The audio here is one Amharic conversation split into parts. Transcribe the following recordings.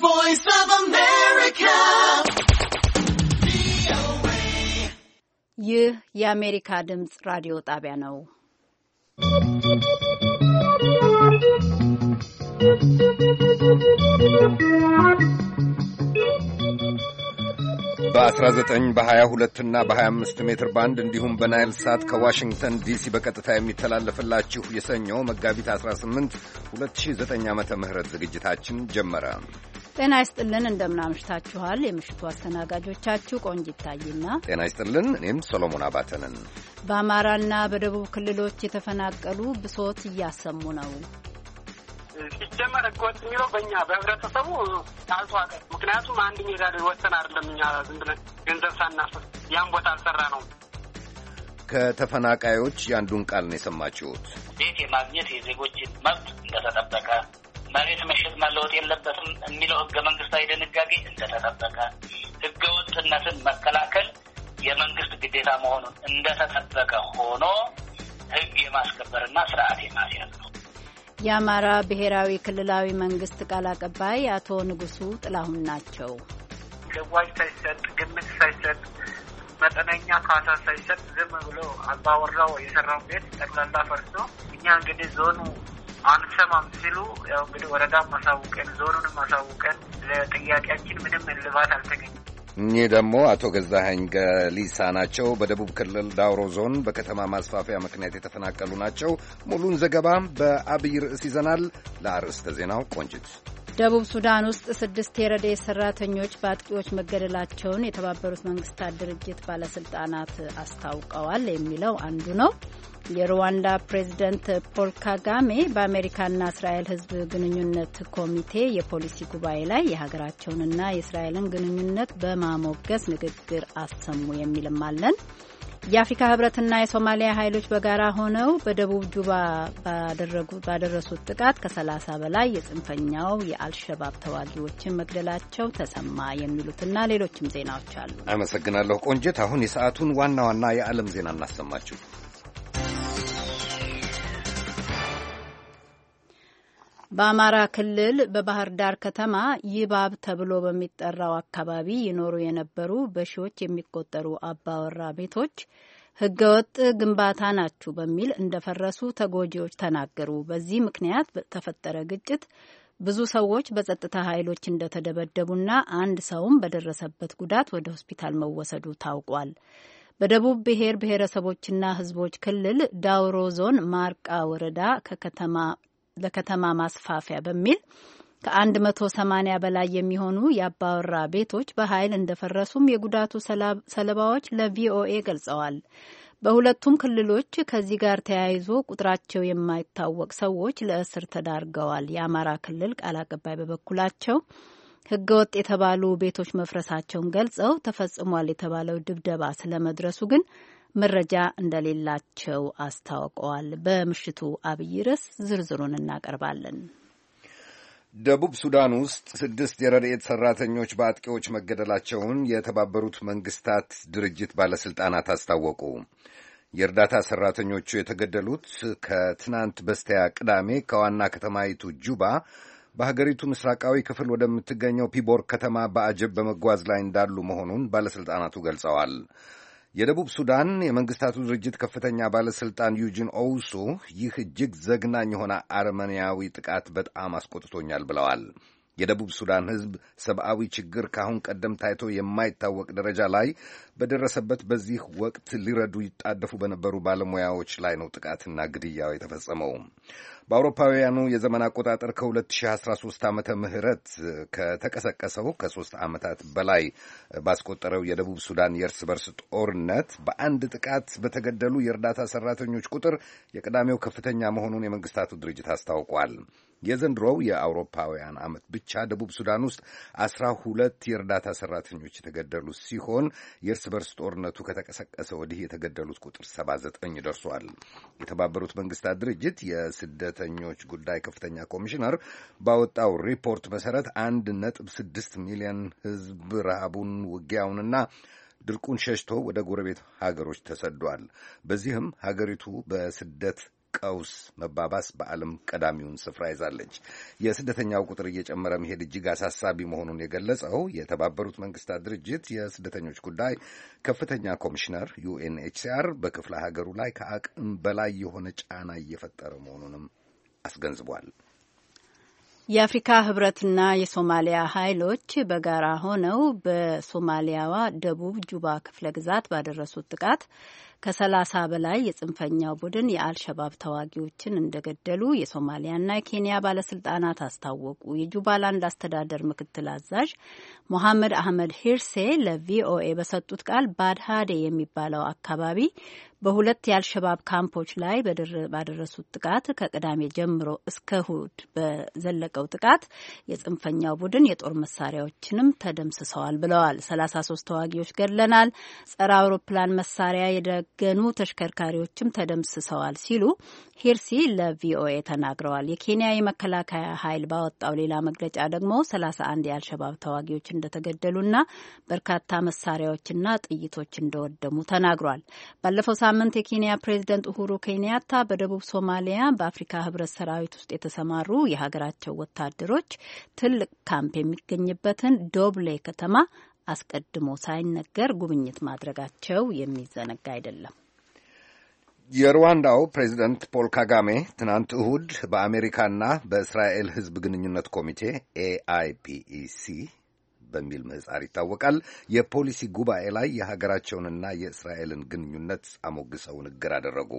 voice of America. ይህ የአሜሪካ ድምፅ ራዲዮ ጣቢያ ነው። በ19 በ22 እና በ25 ሜትር ባንድ እንዲሁም በናይል ሳት ከዋሽንግተን ዲሲ በቀጥታ የሚተላለፍላችሁ የሰኞ መጋቢት 18 2009 ዓ ም ዝግጅታችን ጀመረ። ጤና ይስጥልን እንደምናምሽታችኋል። የምሽቱ አስተናጋጆቻችሁ ቆንጅ ይታይና ጤና ይስጥልን። እኔም ሶሎሞን አባተንን። በአማራና በደቡብ ክልሎች የተፈናቀሉ ብሶት እያሰሙ ነው። ሲጀመር ህገወጥ የሚለው በእኛ በህብረተሰቡ አልተዋቀ። ምክንያቱም አንድ ሜዳ ወሰን አይደለም። እኛ ዝም ብለን ገንዘብ ሳናፈስ ያን ቦታ አልሰራ ነው። ከተፈናቃዮች የአንዱን ቃል ነው የሰማችሁት። ቤት የማግኘት የዜጎችን መብት እንደተጠበቀ መሬት መሸጥ መለወጥ የለበትም የሚለው ህገ መንግስታዊ ድንጋጌ እንደተጠበቀ፣ ህገ ወጥነትን መከላከል የመንግስት ግዴታ መሆኑን እንደተጠበቀ ሆኖ ህግ የማስከበርና ስርዓት የማስያዝ ነው። የአማራ ብሔራዊ ክልላዊ መንግስት ቃል አቀባይ አቶ ንጉሱ ጥላሁን ናቸው። ልዋጅ ሳይሰጥ ግምት ሳይሰጥ መጠነኛ ካሳ ሳይሰጥ ዝም ብሎ አባወራው የሰራውን ቤት ጠቅላላ ፈርሶ እኛ እንግዲህ ዞኑ አንሰማም ሲሉ ያው እንግዲህ ወረዳ ማሳውቀን ዞኑን ማሳውቀን ለጥያቄያችን ምንም እልባት አልተገኘም። እኚህ ደግሞ አቶ ገዛኸኝ ገሊሳ ናቸው። በደቡብ ክልል ዳውሮ ዞን በከተማ ማስፋፊያ ምክንያት የተፈናቀሉ ናቸው። ሙሉን ዘገባ በአብይ ርዕስ ይዘናል። ለአርዕስተ ዜናው ቆንጅት። ደቡብ ሱዳን ውስጥ ስድስት የረዴ ሰራተኞች በአጥቂዎች መገደላቸውን የተባበሩት መንግስታት ድርጅት ባለስልጣናት አስታውቀዋል የሚለው አንዱ ነው። የሩዋንዳ ፕሬዝደንት ፖል ካጋሜ በአሜሪካና እስራኤል ሕዝብ ግንኙነት ኮሚቴ የፖሊሲ ጉባኤ ላይ የሀገራቸውንና የእስራኤልን ግንኙነት በማሞገስ ንግግር አሰሙ የሚልም አለን። የአፍሪካ ህብረትና የሶማሊያ ኃይሎች በጋራ ሆነው በደቡብ ጁባ ባደረሱት ጥቃት ከሰላሳ በላይ የጽንፈኛው የአልሸባብ ተዋጊዎችን መግደላቸው ተሰማ የሚሉትና ሌሎችም ዜናዎች አሉ። አመሰግናለሁ ቆንጅት። አሁን የሰዓቱን ዋና ዋና የዓለም ዜና እናሰማችሁ። በአማራ ክልል በባህር ዳር ከተማ ይባብ ተብሎ በሚጠራው አካባቢ ይኖሩ የነበሩ በሺዎች የሚቆጠሩ አባወራ ቤቶች ህገወጥ ግንባታ ናችሁ በሚል እንደፈረሱ ተጎጂዎች ተናገሩ። በዚህ ምክንያት በተፈጠረ ግጭት ብዙ ሰዎች በጸጥታ ኃይሎች እንደተደበደቡና አንድ ሰውም በደረሰበት ጉዳት ወደ ሆስፒታል መወሰዱ ታውቋል። በደቡብ ብሔር ብሔረሰቦችና ህዝቦች ክልል ዳውሮ ዞን ማርቃ ወረዳ ከከተማ ለከተማ ማስፋፊያ በሚል ከ180 በላይ የሚሆኑ የአባወራ ቤቶች በኃይል እንደፈረሱም የጉዳቱ ሰለባዎች ለቪኦኤ ገልጸዋል። በሁለቱም ክልሎች ከዚህ ጋር ተያይዞ ቁጥራቸው የማይታወቅ ሰዎች ለእስር ተዳርገዋል። የአማራ ክልል ቃል አቀባይ በበኩላቸው ወጥ የተባሉ ቤቶች መፍረሳቸውን ገልጸው ተፈጽሟል የተባለው ድብደባ ስለመድረሱ ግን መረጃ እንደሌላቸው አስታውቀዋል። በምሽቱ አብይ ርዕስ ዝርዝሩን እናቀርባለን። ደቡብ ሱዳን ውስጥ ስድስት የረድኤት ሠራተኞች በአጥቂዎች መገደላቸውን የተባበሩት መንግስታት ድርጅት ባለሥልጣናት አስታወቁ። የእርዳታ ሠራተኞቹ የተገደሉት ከትናንት በስቲያ ቅዳሜ ከዋና ከተማይቱ ጁባ በሀገሪቱ ምስራቃዊ ክፍል ወደምትገኘው ፒቦር ከተማ በአጀብ በመጓዝ ላይ እንዳሉ መሆኑን ባለሥልጣናቱ ገልጸዋል። የደቡብ ሱዳን የመንግስታቱ ድርጅት ከፍተኛ ባለሥልጣን ዩጂን ኦውሱ ይህ እጅግ ዘግናኝ የሆነ አርመንያዊ ጥቃት በጣም አስቆጥቶኛል ብለዋል። የደቡብ ሱዳን ሕዝብ ሰብአዊ ችግር ከአሁን ቀደም ታይቶ የማይታወቅ ደረጃ ላይ በደረሰበት በዚህ ወቅት ሊረዱ ይጣደፉ በነበሩ ባለሙያዎች ላይ ነው ጥቃትና ግድያው የተፈጸመው። በአውሮፓውያኑ የዘመን አቆጣጠር ከ2013 ዓመተ ምህረት ከተቀሰቀሰው ከሶስት ዓመታት በላይ ባስቆጠረው የደቡብ ሱዳን የእርስ በርስ ጦርነት በአንድ ጥቃት በተገደሉ የእርዳታ ሰራተኞች ቁጥር የቅዳሜው ከፍተኛ መሆኑን የመንግስታቱ ድርጅት አስታውቋል። የዘንድሮው የአውሮፓውያን ዓመት ብቻ ደቡብ ሱዳን ውስጥ አስራ ሁለት የእርዳታ ሰራተኞች የተገደሉ ሲሆን የእርስ በርስ ጦርነቱ ከተቀሰቀሰ ወዲህ የተገደሉት ቁጥር ሰባ ዘጠኝ ደርሷል። የተባበሩት መንግስታት ድርጅት የስደተኞች ጉዳይ ከፍተኛ ኮሚሽነር ባወጣው ሪፖርት መሰረት አንድ ነጥብ ስድስት ሚሊዮን ህዝብ ረሃቡን፣ ውጊያውንና ድርቁን ሸሽቶ ወደ ጎረቤት ሀገሮች ተሰዷል። በዚህም ሀገሪቱ በስደት ቀውስ መባባስ በዓለም ቀዳሚውን ስፍራ ይዛለች። የስደተኛው ቁጥር እየጨመረ መሄድ እጅግ አሳሳቢ መሆኑን የገለጸው የተባበሩት መንግስታት ድርጅት የስደተኞች ጉዳይ ከፍተኛ ኮሚሽነር ዩኤንኤችሲአር በክፍለ ሀገሩ ላይ ከአቅም በላይ የሆነ ጫና እየፈጠረ መሆኑንም አስገንዝቧል። የአፍሪካ ህብረትና የሶማሊያ ኃይሎች በጋራ ሆነው በሶማሊያዋ ደቡብ ጁባ ክፍለ ግዛት ባደረሱት ጥቃት ከሰላሳ በላይ የጽንፈኛው ቡድን የአልሸባብ ተዋጊዎችን እንደገደሉ የሶማሊያና የኬንያ ባለስልጣናት አስታወቁ። የጁባላንድ አስተዳደር ምክትል አዛዥ ሞሐመድ አህመድ ሂርሴ ለቪኦኤ በሰጡት ቃል ባድሃዴ የሚባለው አካባቢ በሁለት የአልሸባብ ካምፖች ላይ ባደረሱት ጥቃት ከቅዳሜ ጀምሮ እስከ እሁድ በዘለቀው ጥቃት የጽንፈኛው ቡድን የጦር መሳሪያዎችንም ተደምስሰዋል ብለዋል። ሰላሳ ሶስት ተዋጊዎች ገድለናል፣ ጸረ አውሮፕላን መሳሪያ የተጠገኑ ተሽከርካሪዎችም ተደምስሰዋል ሲሉ ሂርሲ ለቪኦኤ ተናግረዋል። የኬንያ የመከላከያ ኃይል ባወጣው ሌላ መግለጫ ደግሞ 31 የአልሸባብ ተዋጊዎች እንደተገደሉና በርካታ መሳሪያዎችና ጥይቶች እንደወደሙ ተናግሯል። ባለፈው ሳምንት የኬንያ ፕሬዚደንት ኡሁሩ ኬንያታ በደቡብ ሶማሊያ በአፍሪካ ህብረት ሰራዊት ውስጥ የተሰማሩ የሀገራቸው ወታደሮች ትልቅ ካምፕ የሚገኝበትን ዶብሌ ከተማ አስቀድሞ ሳይነገር ጉብኝት ማድረጋቸው የሚዘነጋ አይደለም። የሩዋንዳው ፕሬዚደንት ፖል ካጋሜ ትናንት እሁድ በአሜሪካና በእስራኤል ሕዝብ ግንኙነት ኮሚቴ ኤአይፒኢሲ በሚል ምህጻር ይታወቃል የፖሊሲ ጉባኤ ላይ የሀገራቸውንና የእስራኤልን ግንኙነት አሞግሰው ንግግር አደረጉ።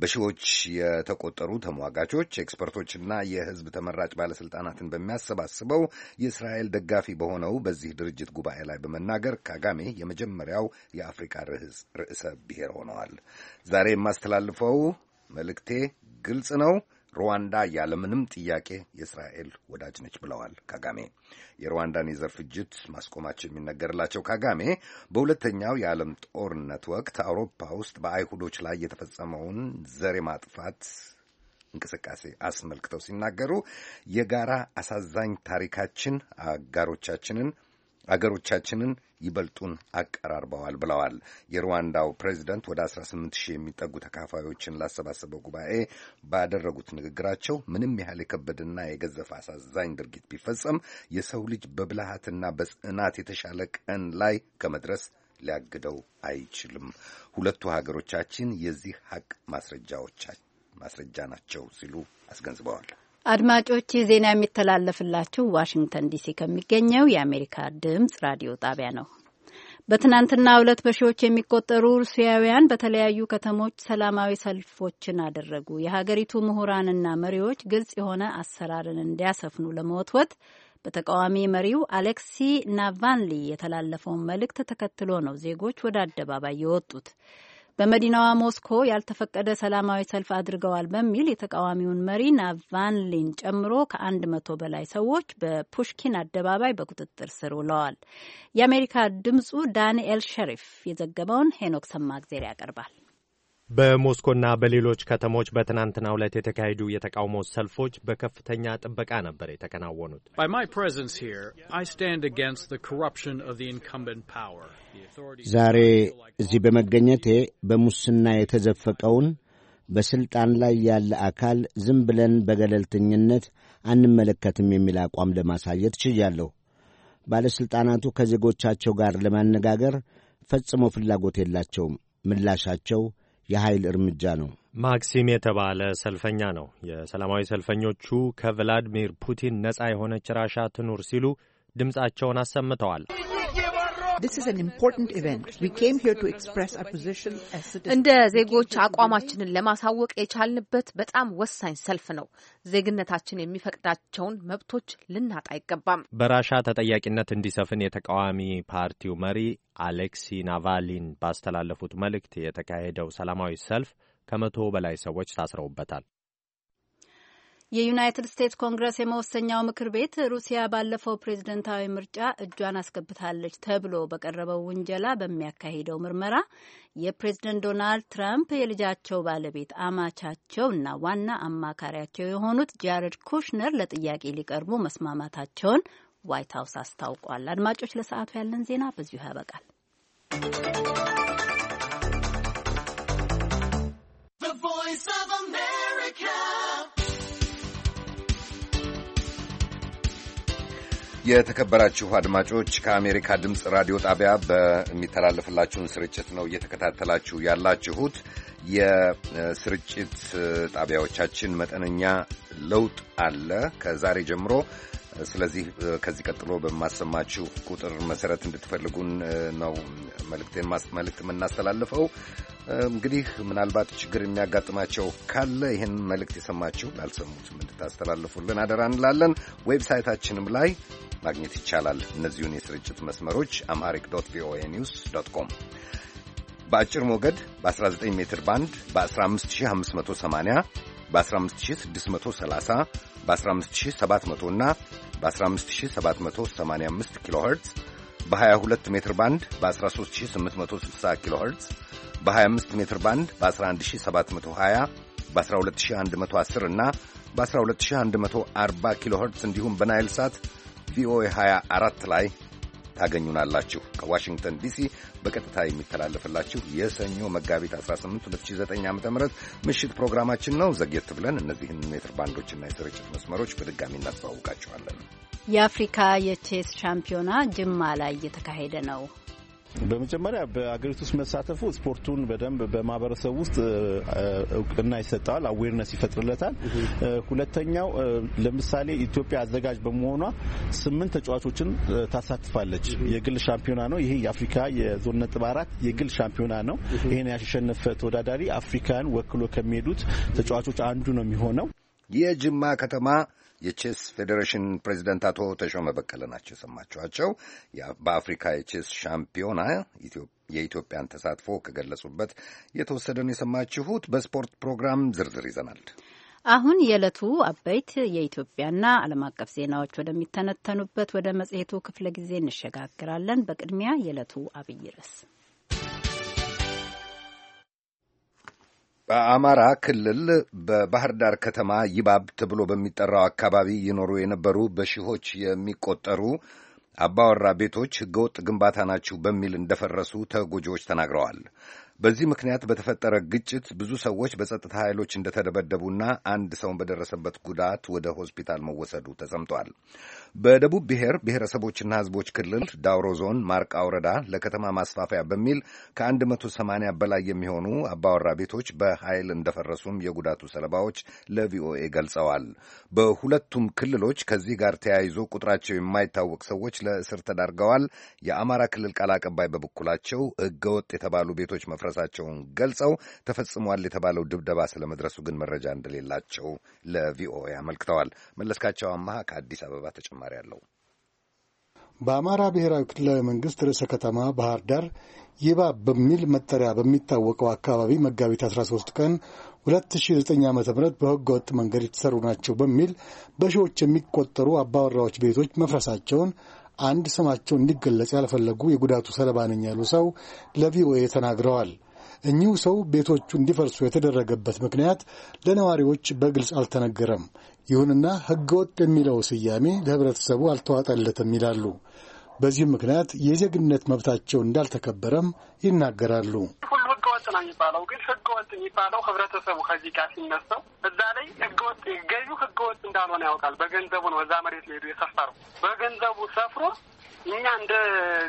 በሺዎች የተቆጠሩ ተሟጋቾች፣ ኤክስፐርቶችና የህዝብ ተመራጭ ባለስልጣናትን በሚያሰባስበው የእስራኤል ደጋፊ በሆነው በዚህ ድርጅት ጉባኤ ላይ በመናገር ካጋሜ የመጀመሪያው የአፍሪካ ርዕሰ ብሔር ሆነዋል። ዛሬ የማስተላልፈው መልእክቴ ግልጽ ነው። ሩዋንዳ ያለምንም ጥያቄ የእስራኤል ወዳጅ ነች ብለዋል ካጋሜ። የሩዋንዳን የዘር ፍጅት ማስቆማቸው የሚነገርላቸው ካጋሜ በሁለተኛው የዓለም ጦርነት ወቅት አውሮፓ ውስጥ በአይሁዶች ላይ የተፈጸመውን ዘር የማጥፋት እንቅስቃሴ አስመልክተው ሲናገሩ የጋራ አሳዛኝ ታሪካችን አጋሮቻችንን አገሮቻችንን ይበልጡን አቀራርበዋል ብለዋል። የሩዋንዳው ፕሬዚደንት ወደ 18 ሺህ የሚጠጉ ተካፋዮችን ላሰባሰበው ጉባኤ ባደረጉት ንግግራቸው ምንም ያህል የከበደና የገዘፈ አሳዛኝ ድርጊት ቢፈጸም የሰው ልጅ በብልሃትና በጽናት የተሻለ ቀን ላይ ከመድረስ ሊያግደው አይችልም። ሁለቱ ሀገሮቻችን የዚህ ሀቅ ማስረጃዎች ማስረጃ ናቸው ሲሉ አስገንዝበዋል። አድማጮች ይህ ዜና የሚተላለፍላችሁ ዋሽንግተን ዲሲ ከሚገኘው የአሜሪካ ድምፅ ራዲዮ ጣቢያ ነው። በትናንትና ሁለት በሺዎች የሚቆጠሩ ሩሲያውያን በተለያዩ ከተሞች ሰላማዊ ሰልፎችን አደረጉ። የሀገሪቱ ምሁራንና መሪዎች ግልጽ የሆነ አሰራርን እንዲያሰፍኑ ለመወትወት በተቃዋሚ መሪው አሌክሲ ናቫልኒ የተላለፈውን መልእክት ተከትሎ ነው ዜጎች ወደ አደባባይ የወጡት። በመዲናዋ ሞስኮ ያልተፈቀደ ሰላማዊ ሰልፍ አድርገዋል በሚል የተቃዋሚውን መሪ ናቫልኒን ጨምሮ ከአንድ መቶ በላይ ሰዎች በፑሽኪን አደባባይ በቁጥጥር ስር ውለዋል። የአሜሪካ ድምጹ ዳንኤል ሸሪፍ የዘገበውን ሄኖክ ሰማግዜር ያቀርባል። በሞስኮና በሌሎች ከተሞች በትናንትናው ዕለት የተካሄዱ የተቃውሞ ሰልፎች በከፍተኛ ጥበቃ ነበር የተከናወኑት። ዛሬ እዚህ በመገኘቴ በሙስና የተዘፈቀውን በሥልጣን ላይ ያለ አካል ዝም ብለን በገለልተኝነት አንመለከትም የሚል አቋም ለማሳየት ችያለሁ። ባለሥልጣናቱ ከዜጎቻቸው ጋር ለማነጋገር ፈጽሞ ፍላጎት የላቸውም። ምላሻቸው የኃይል እርምጃ ነው። ማክሲም የተባለ ሰልፈኛ ነው። የሰላማዊ ሰልፈኞቹ ከቭላድሚር ፑቲን ነጻ የሆነች ራሻ ትኑር ሲሉ ድምፃቸውን አሰምተዋል። እንደ ዜጎች አቋማችንን ለማሳወቅ የቻልንበት በጣም ወሳኝ ሰልፍ ነው። ዜግነታችን የሚፈቅዳቸውን መብቶች ልናጣ አይገባም። በራሻ ተጠያቂነት እንዲሰፍን የተቃዋሚ ፓርቲው መሪ አሌክሲ ናቫሊን ባስተላለፉት መልእክት የተካሄደው ሰላማዊ ሰልፍ ከመቶ በላይ ሰዎች ታስረውበታል። የዩናይትድ ስቴትስ ኮንግረስ የመወሰኛው ምክር ቤት ሩሲያ ባለፈው ፕሬዝደንታዊ ምርጫ እጇን አስገብታለች ተብሎ በቀረበው ውንጀላ በሚያካሂደው ምርመራ የፕሬዝደንት ዶናልድ ትራምፕ የልጃቸው ባለቤት አማቻቸው እና ዋና አማካሪያቸው የሆኑት ጃረድ ኩሽነር ለጥያቄ ሊቀርቡ መስማማታቸውን ዋይት ሀውስ አስታውቋል። አድማጮች፣ ለሰዓቱ ያለን ዜና በዚሁ ያበቃል። የተከበራችሁ አድማጮች ከአሜሪካ ድምፅ ራዲዮ ጣቢያ በሚተላለፍላችሁን ስርጭት ነው እየተከታተላችሁ ያላችሁት። የስርጭት ጣቢያዎቻችን መጠነኛ ለውጥ አለ። ከዛሬ ጀምሮ ስለዚህ ከዚህ ቀጥሎ በማሰማችሁ ቁጥር መሰረት እንድትፈልጉን ነው መልእክት የምናስተላልፈው። እንግዲህ ምናልባት ችግር የሚያጋጥማቸው ካለ ይህን መልእክት የሰማችሁ ላልሰሙትም እንድታስተላልፉልን አደራ እንላለን። ዌብሳይታችንም ላይ ማግኘት ይቻላል። እነዚሁን የስርጭት መስመሮች አምሃሪክ ዶት ቪኦኤ ኒውስ ዶት ኮም በአጭር ሞገድ በ19 ሜትር ባንድ በ15580 በ15630 በ15700 እና በ15785 ኪሎ ኸርትዝ በ22 ሜትር ባንድ በ13860 ኪሎ ኸርትዝ በ25 ሜትር ባንድ በ11720 በ12110 እና በ12140 ኪሎ ኸርትዝ እንዲሁም በናይል ሳት ቪኦኤ 24 ላይ ታገኙናላችሁ። ከዋሽንግተን ዲሲ በቀጥታ የሚተላለፍላችሁ የሰኞ መጋቢት 18 2009 ዓ ም ምሽት ፕሮግራማችን ነው። ዘግየት ብለን እነዚህን ሜትር ባንዶችና የስርጭት መስመሮች በድጋሚ እናስተዋውቃችኋለን። የአፍሪካ የቼስ ሻምፒዮና ጅማ ላይ እየተካሄደ ነው። በመጀመሪያ በአገሪቱ ውስጥ መሳተፉ ስፖርቱን በደንብ በማህበረሰብ ውስጥ እውቅና ይሰጠዋል፣ አዌርነስ ይፈጥርለታል። ሁለተኛው ለምሳሌ ኢትዮጵያ አዘጋጅ በመሆኗ ስምንት ተጫዋቾችን ታሳትፋለች። የግል ሻምፒዮና ነው። ይሄ የአፍሪካ የዞን ነጥብ አራት የግል ሻምፒዮና ነው። ይህን ያሸነፈ ተወዳዳሪ አፍሪካን ወክሎ ከሚሄዱት ተጫዋቾች አንዱ ነው የሚሆነው የጅማ ከተማ የቼስ ፌዴሬሽን ፕሬዚደንት አቶ ተሾመ በቀለ ናቸው የሰማችኋቸው። በአፍሪካ የቼስ ሻምፒዮና የኢትዮጵያን ተሳትፎ ከገለጹበት የተወሰደን የሰማችሁት። በስፖርት ፕሮግራም ዝርዝር ይዘናል። አሁን የዕለቱ አበይት የኢትዮጵያና ዓለም አቀፍ ዜናዎች ወደሚተነተኑበት ወደ መጽሔቱ ክፍለ ጊዜ እንሸጋግራለን። በቅድሚያ የዕለቱ አብይ ርዕስ በአማራ ክልል በባህር ዳር ከተማ ይባብ ተብሎ በሚጠራው አካባቢ ይኖሩ የነበሩ በሺዎች የሚቆጠሩ አባወራ ቤቶች ሕገወጥ ግንባታ ናችሁ በሚል እንደፈረሱ ተጎጂዎች ተናግረዋል። በዚህ ምክንያት በተፈጠረ ግጭት ብዙ ሰዎች በጸጥታ ኃይሎች እንደተደበደቡና አንድ ሰውን በደረሰበት ጉዳት ወደ ሆስፒታል መወሰዱ ተሰምቷል። በደቡብ ብሔር ብሔረሰቦችና ሕዝቦች ክልል ዳውሮ ዞን ማርቃ ወረዳ ለከተማ ማስፋፊያ በሚል ከ180 በላይ የሚሆኑ አባወራ ቤቶች በኃይል እንደፈረሱም የጉዳቱ ሰለባዎች ለቪኦኤ ገልጸዋል። በሁለቱም ክልሎች ከዚህ ጋር ተያይዞ ቁጥራቸው የማይታወቅ ሰዎች ለእስር ተዳርገዋል። የአማራ ክልል ቃል አቀባይ በበኩላቸው ሕገወጥ የተባሉ ቤቶች መፍረሳቸውን ገልጸው ተፈጽሟል የተባለው ድብደባ ስለመድረሱ ግን መረጃ እንደሌላቸው ለቪኦኤ አመልክተዋል። መለስካቸው አማሃ ከአዲስ አበባ ተጨማ ተጨማሪ አለው። በአማራ ብሔራዊ ክልላዊ መንግስት ርዕሰ ከተማ ባህር ዳር ይባብ በሚል መጠሪያ በሚታወቀው አካባቢ መጋቢት 13 ቀን 2009 ዓ ም በህገ ወጥ መንገድ የተሰሩ ናቸው በሚል በሺዎች የሚቆጠሩ አባወራዎች ቤቶች መፍረሳቸውን አንድ ስማቸው እንዲገለጽ ያልፈለጉ የጉዳቱ ሰለባ ነኝ ያሉ ሰው ለቪኦኤ ተናግረዋል። እኚሁ ሰው ቤቶቹ እንዲፈርሱ የተደረገበት ምክንያት ለነዋሪዎች በግልጽ አልተነገረም። ይሁንና ህገወጥ የሚለው ስያሜ ለህብረተሰቡ አልተዋጠለትም ይላሉ። በዚህም ምክንያት የዜግነት መብታቸው እንዳልተከበረም ይናገራሉ። ሁሉ ህገወጥ ነው የሚባለው ግን ህገወጥ የሚባለው ህብረተሰቡ ከዚህ ጋር ሲነሳው እዛ ላይ ህገወጥ ገዢው ህገወጥ እንዳልሆነ ያውቃል። በገንዘቡ ነው እዛ መሬት ሄዱ የሰፈረው በገንዘቡ ሰፍሮ እኛ እንደ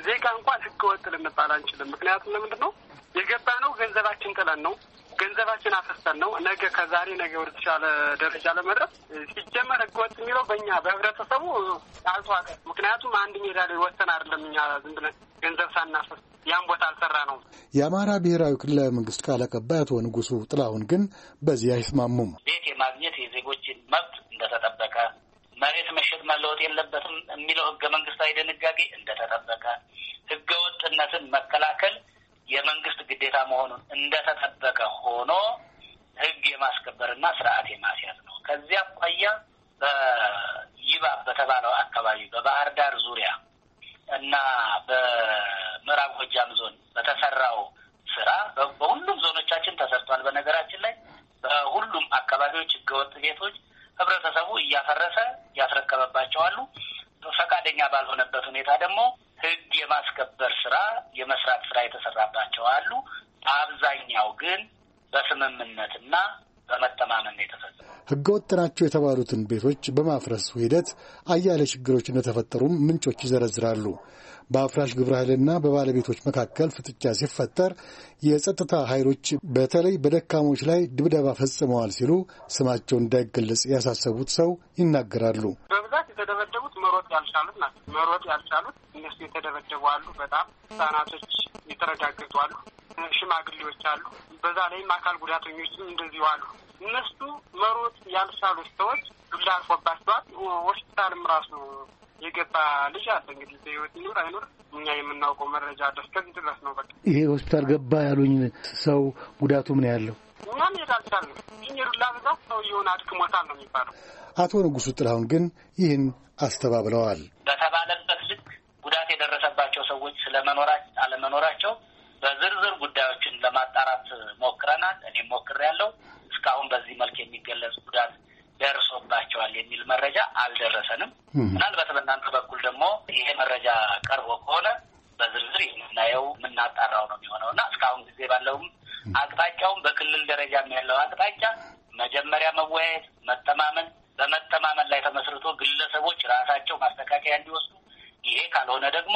ዜጋ እንኳን ህገወጥ ልንባል አንችልም። ምክንያቱም ለምንድን ነው የገባ ነው ገንዘባችን ጥለን ነው ገንዘባችን አፍርሰን ነው ነገ ከዛሬ ነገ ወደ ተሻለ ደረጃ ለመድረስ ሲጀመር ህገወጥ የሚለው በእኛ በህብረተሰቡ አልቶ ምክንያቱም አንድ ሜዳ ላይ ወሰን አይደለም እኛ ዝም ብለን ገንዘብ ሳናፈስ ያን ቦታ አልሰራ ነው። የአማራ ብሔራዊ ክልላዊ መንግስት ቃል አቀባይ አቶ ንጉሱ ጥላሁን ግን በዚህ አይስማሙም። ቤት የማግኘት የዜጎችን መብት እንደተጠበቀ መሬት መሸጥ መለወጥ የለበትም የሚለው ህገ መንግስታዊ ድንጋጌ እንደተጠበቀ ህገ ወጥነትን መከላከል የመንግስት ግዴታ መሆኑን እንደተጠበቀ ሆኖ ህግ የማስከበርና ስርዓት የማስያዝ ነው። ከዚያ አኳያ በይባብ በተባለው አካባቢ በባህር ዳር ዙሪያ እና በምዕራብ ጎጃም ዞን በተሰራው ስራ በሁሉም ዞኖቻችን ተሰርቷል። በነገራችን ላይ በሁሉም አካባቢዎች ህገወጥ ቤቶች ህብረተሰቡ እያፈረሰ እያስረከበባቸዋሉ። ፈቃደኛ ባልሆነበት ሁኔታ ደግሞ ህግ የማስከበር ስራ የመስራት ስራ የተሰራባቸው አሉ። አብዛኛው ግን በስምምነትና በመተማመን ነው የተፈጸመው። ህገወጥ ናቸው የተባሉትን ቤቶች በማፍረሱ ሂደት አያሌ ችግሮች እንደተፈጠሩም ምንጮች ይዘረዝራሉ። በአፍራሽ ግብረ ኃይልና በባለቤቶች መካከል ፍጥጫ ሲፈጠር የጸጥታ ኃይሎች በተለይ በደካሞች ላይ ድብደባ ፈጽመዋል ሲሉ ስማቸው እንዳይገለጽ ያሳሰቡት ሰው ይናገራሉ። በብዛት የተደበደቡት መሮጥ ያልቻሉት ናቸው። መሮጥ ያልቻሉት እነሱ የተደበደቡ አሉ። በጣም ህጻናቶች የተረጋገጡ አሉ። ሽማግሌዎች አሉ። በዛ ላይም አካል ጉዳተኞችም እንደዚሁ አሉ። እነሱ መሮጥ ያልቻሉ ሰዎች ዱላ አርፎባቸዋል። ሆስፒታልም ራሱ የገባ ልጅ አለ። እንግዲህ በህይወት ይኑር አይኑር እኛ የምናውቀው መረጃ ደስ ከዚህ ድረስ ነው። በቃ ይሄ ሆስፒታል ገባ ያሉኝ ሰው ጉዳቱ ምን ያለው እኛ የታልቻል ይህ ዱላ ብዛት ሰውየውን አድክሞታል ነው የሚባለው። አቶ ንጉሱ ጥላሁን ግን ይህን አስተባብለዋል። በተባለበት ልክ ጉዳት የደረሰባቸው ሰዎች ስለመኖራ አለመኖራቸው በዝርዝር ጉዳዮችን ለማጣራት ሞክረናል። እኔም ሞክር ያለው እስካሁን በዚህ መልክ የሚገለጽ ጉዳት ደርሶባቸዋል የሚል መረጃ አልደረሰንም። ምናልባት በእናንተ በኩል ደግሞ ይሄ መረጃ ቀርቦ ከሆነ በዝርዝር የምናየው የምናጣራው ነው የሚሆነው እና እስካሁን ጊዜ ባለውም አቅጣጫውም በክልል ደረጃ ያለው አቅጣጫ መጀመሪያ መወያየት፣ መተማመን፣ በመተማመን ላይ ተመስርቶ ግለሰቦች ራሳቸው ማስተካከያ እንዲወስዱ፣ ይሄ ካልሆነ ደግሞ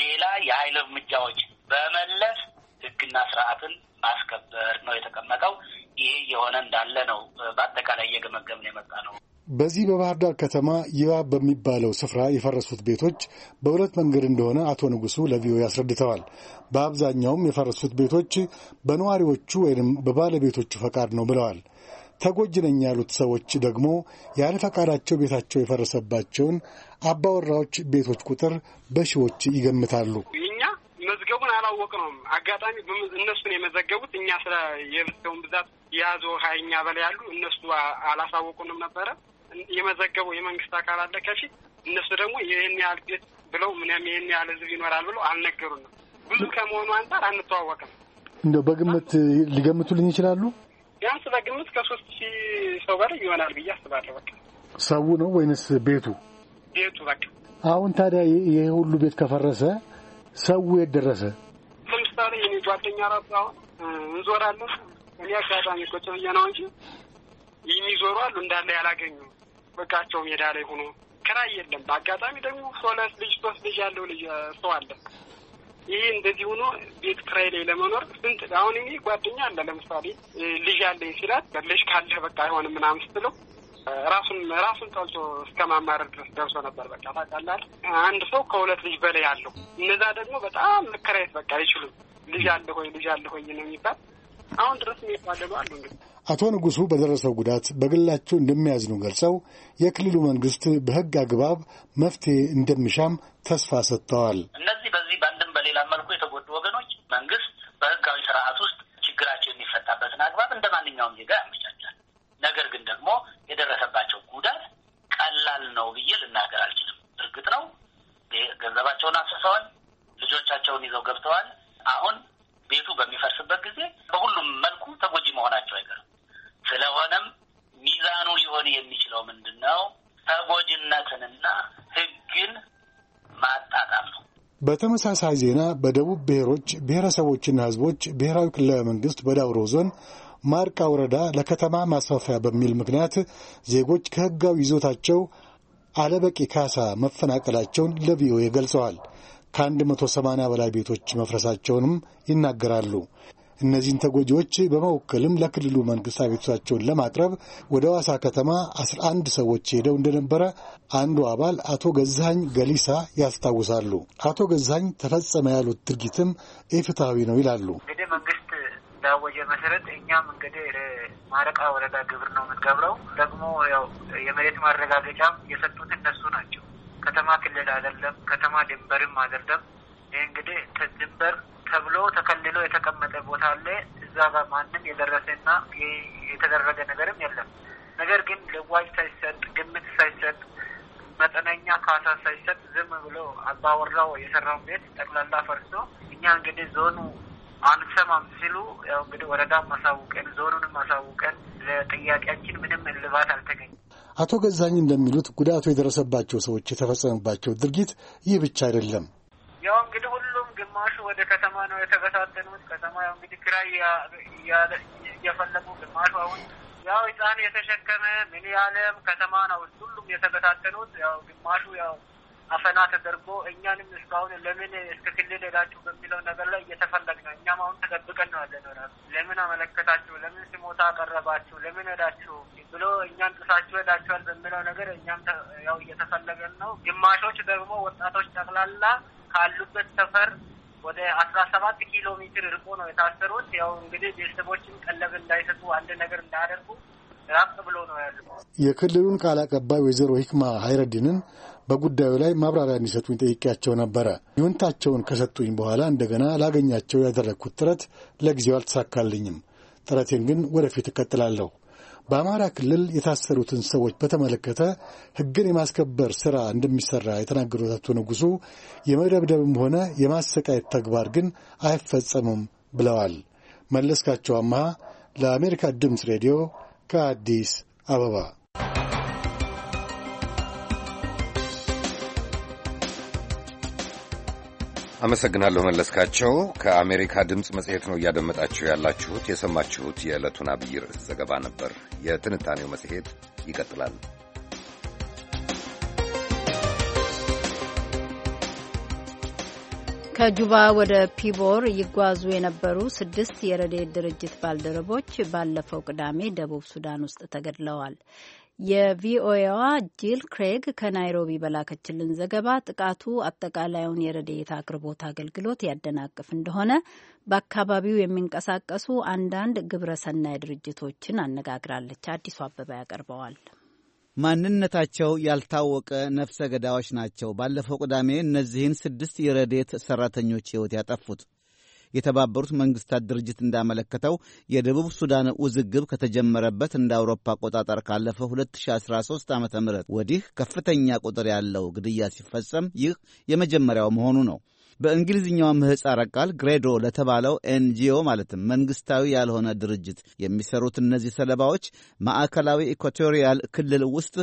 ሌላ የኃይል እርምጃዎች በመለስ ህግና ስርዓትን ማስከበር ነው የተቀመጠው። ይሄ የሆነ እንዳለ ነው በአጠቃላይ እየገመገምን የመጣ ነው። በዚህ በባህር ዳር ከተማ ይባ በሚባለው ስፍራ የፈረሱት ቤቶች በሁለት መንገድ እንደሆነ አቶ ንጉሱ ለቪኦኤ አስረድተዋል። በአብዛኛውም የፈረሱት ቤቶች በነዋሪዎቹ ወይም በባለቤቶቹ ፈቃድ ነው ብለዋል። ተጎጂ ነኝ ያሉት ሰዎች ደግሞ ያለ ፈቃዳቸው ቤታቸው የፈረሰባቸውን አባወራዎች ቤቶች ቁጥር በሺዎች ይገምታሉ። ስለማወቅ ነው። አጋጣሚ እነሱን የመዘገቡት እኛ ስለ የብሰውን ብዛት የያዘ ሀይኛ በላይ ያሉ እነሱ አላሳወቁንም ነበረ። የመዘገበው የመንግስት አካል አለ ከፊት እነሱ ደግሞ ይህን ያህል ቤት ብለው ምንም ይህን ያህል ህዝብ ይኖራል ብለው አልነገሩንም። ብዙ ከመሆኑ አንጻር አንተዋወቅም። እንደው በግምት ሊገምቱልኝ ይችላሉ? ቢያንስ በግምት ከሶስት ሺህ ሰው በላይ ይሆናል ብዬ አስባለሁ። በቃ ሰው ነው ወይንስ ቤቱ ቤቱ በቃ አሁን ታዲያ ይሄ ሁሉ ቤት ከፈረሰ ሰው የት ደረሰ? ለምሳሌ እኔ ጓደኛ ራሱ አሁን እንዞራለን። እኔ አጋጣሚ ቁጭ ብዬ ነው እንጂ የሚዞሩ አሉ እንዳለ ያላገኙ በቃቸው ሜዳ ላይ ሆኖ ክራይ የለም። በአጋጣሚ ደግሞ ሁለት ልጅ ሶስት ልጅ ያለው ልጅ ሰው አለ። ይህ እንደዚህ ሆኖ ቤት ክራይ ላይ ለመኖር ስንት አሁን እኔ ጓደኛ አለ ለምሳሌ ልጅ ያለኝ ሲላት ልጅ ካለህ በቃ አይሆንም ምናምን ስትለው ራሱን ራሱን ጠልቶ እስከ ማማረር ድረስ ደርሶ ነበር። በቃ ታውቃለህ፣ አንድ ሰው ከሁለት ልጅ በላይ አለው። እነዛ ደግሞ በጣም መከራየት በቃ አይችሉም። ልጅ አለ ሆይ ልጅ አለ ሆይ ነው የሚባል አሁን ድረስ የሚባለሉ አሉ። እንግዲህ አቶ ንጉሱ በደረሰው ጉዳት በግላቸው እንደሚያዝኑ ገልጸው የክልሉ መንግስት በህግ አግባብ መፍትሄ እንደሚሻም ተስፋ ሰጥተዋል። እነዚህ በዚህ በአንድም በሌላ መልኩ የተጎዱ ወገኖች መንግስት በህጋዊ ስርዓት ውስጥ ችግራቸው የሚፈታበትን አግባብ እንደ ማንኛውም ዜጋ ያመቻቻል። ነገር ግን ደግሞ የደረሰባቸው ጉዳት ቀላል ነው ብዬ ልናገር አልችልም። እርግጥ ነው ገንዘባቸውን አፍስሰዋል። ልጆቻቸውን ይዘው ገብተዋል። አሁን ቤቱ በሚፈርስበት ጊዜ በሁሉም መልኩ ተጎጂ መሆናቸው አይቀርም። ስለሆነም ሚዛኑ ሊሆን የሚችለው ምንድን ነው? ተጎጂነትንና ሕግን ማጣጣም ነው። በተመሳሳይ ዜና በደቡብ ብሔሮች ብሔረሰቦችና ሕዝቦች ብሔራዊ ክልላዊ መንግስት በዳውሮ ዞን ማርቃ ወረዳ ለከተማ ማስፋፊያ በሚል ምክንያት ዜጎች ከህጋዊ ይዞታቸው አለበቂ ካሳ መፈናቀላቸውን ለቪኦኤ ገልጸዋል። ከ180 በላይ ቤቶች መፍረሳቸውንም ይናገራሉ። እነዚህን ተጎጂዎች በመወከልም ለክልሉ መንግስት አቤቱታቸውን ለማቅረብ ወደ ዋሳ ከተማ 11 ሰዎች ሄደው እንደነበረ አንዱ አባል አቶ ገዛኝ ገሊሳ ያስታውሳሉ። አቶ ገዛኝ ተፈጸመ ያሉት ድርጊትም ኢፍትሐዊ ነው ይላሉ። እንግዲህ መንግስት እንዳወጀ መሰረት እኛም እንግዲህ ማረቃ ወረዳ ግብር ነው የምንገብረው። ደግሞ ያው የመሬት ማረጋገጫም የሰጡት እነሱ ናቸው ከተማ ክልል አይደለም፣ ከተማ ድንበርም አይደለም። ይህ እንግዲህ ድንበር ተብሎ ተከልሎ የተቀመጠ ቦታ አለ። እዛ ጋር ማንም የደረሰና የተደረገ ነገርም የለም። ነገር ግን ልዋጅ ሳይሰጥ ግምት ሳይሰጥ መጠነኛ ካሳ ሳይሰጥ ዝም ብሎ አባወራው የሰራውን ቤት ጠቅላላ ፈርሶ እኛ እንግዲህ ዞኑ አንሰማም ሲሉ ያው እንግዲህ ወረዳም አሳውቀን ዞኑንም አሳውቀን ለጥያቄያችን ምንም እልባት አልተገኘም። አቶ ገዛኝ እንደሚሉት ጉዳቱ የደረሰባቸው ሰዎች የተፈጸመባቸው ድርጊት ይህ ብቻ አይደለም። ያው እንግዲህ ሁሉም ግማሹ ወደ ከተማ ነው የተበታተኑት። ከተማ ያው እንግዲህ ክራይ እየፈለጉ ግማሹ አሁን ያው ህፃን የተሸከመ ምን ያለም ከተማ ነው ሁሉም የተበታተኑት። ያው ግማሹ ያው አፈና ተደርጎ እኛንም እስካሁን ለምን እስከ ክልል ሄዳችሁ በሚለው ነገር ላይ እየተፈለግ ነው። እኛም አሁን ተጠብቀን ነው ያለ ነው። ራሱ ለምን አመለከታችሁ፣ ለምን ስሞታ አቀረባችሁ፣ ለምን ሄዳችሁ ብሎ እኛን ጥሳችሁ ሄዳችኋል በሚለው ነገር እኛም ያው እየተፈለገን ነው። ግማሾች ደግሞ ወጣቶች ጠቅላላ ካሉበት ሰፈር ወደ አስራ ሰባት ኪሎ ሜትር ርቆ ነው የታሰሩት። ያው እንግዲህ ቤተሰቦችን ቀለብ እንዳይሰጡ አንድ ነገር እንዳያደርጉ ራቅ ብሎ ነው ያሉ። የክልሉን ቃል አቀባይ ወይዘሮ ሂክማ ሀይረዲንን በጉዳዩ ላይ ማብራሪያ እንዲሰጡኝ ጠይቄያቸው ነበረ። ይሁንታቸውን ከሰጡኝ በኋላ እንደገና ላገኛቸው ያደረግኩት ጥረት ለጊዜው አልተሳካልኝም። ጥረቴን ግን ወደፊት እቀጥላለሁ። በአማራ ክልል የታሰሩትን ሰዎች በተመለከተ ሕግን የማስከበር ሥራ እንደሚሠራ የተናገሩት አቶ ንጉሡ የመደብደብም ሆነ የማሰቃየት ተግባር ግን አይፈጸምም ብለዋል። መለስካቸው አማሃ ለአሜሪካ ድምፅ ሬዲዮ ከአዲስ አበባ አመሰግናለሁ መለስካቸው። ከአሜሪካ ድምፅ መጽሔት ነው እያደመጣችሁ ያላችሁት። የሰማችሁት የዕለቱን አብይ ርዕስ ዘገባ ነበር። የትንታኔው መጽሔት ይቀጥላል። ከጁባ ወደ ፒቦር ይጓዙ የነበሩ ስድስት የረድኤት ድርጅት ባልደረቦች ባለፈው ቅዳሜ ደቡብ ሱዳን ውስጥ ተገድለዋል። የቪኦኤዋ ጂል ክሬግ ከናይሮቢ በላከችልን ዘገባ ጥቃቱ አጠቃላዩን የረድኤት አቅርቦት አገልግሎት ያደናቅፍ እንደሆነ በአካባቢው የሚንቀሳቀሱ አንዳንድ ግብረ ሰናይ ድርጅቶችን አነጋግራለች። አዲሱ አበባ ያቀርበዋል። ማንነታቸው ያልታወቀ ነፍሰ ገዳዮች ናቸው ባለፈው ቅዳሜ እነዚህን ስድስት የረዴት ሰራተኞች ሕይወት ያጠፉት። የተባበሩት መንግስታት ድርጅት እንዳመለከተው የደቡብ ሱዳን ውዝግብ ከተጀመረበት እንደ አውሮፓ አቆጣጠር ካለፈ 2013 ዓ ም ወዲህ ከፍተኛ ቁጥር ያለው ግድያ ሲፈጸም ይህ የመጀመሪያው መሆኑ ነው። በእንግሊዝኛዋ ምህፃረ ቃል ግሬዶ ለተባለው ኤንጂኦ ማለትም መንግስታዊ ያልሆነ ድርጅት የሚሰሩት እነዚህ ሰለባዎች ማዕከላዊ ኢኳቶሪያል ክልል ውስጥ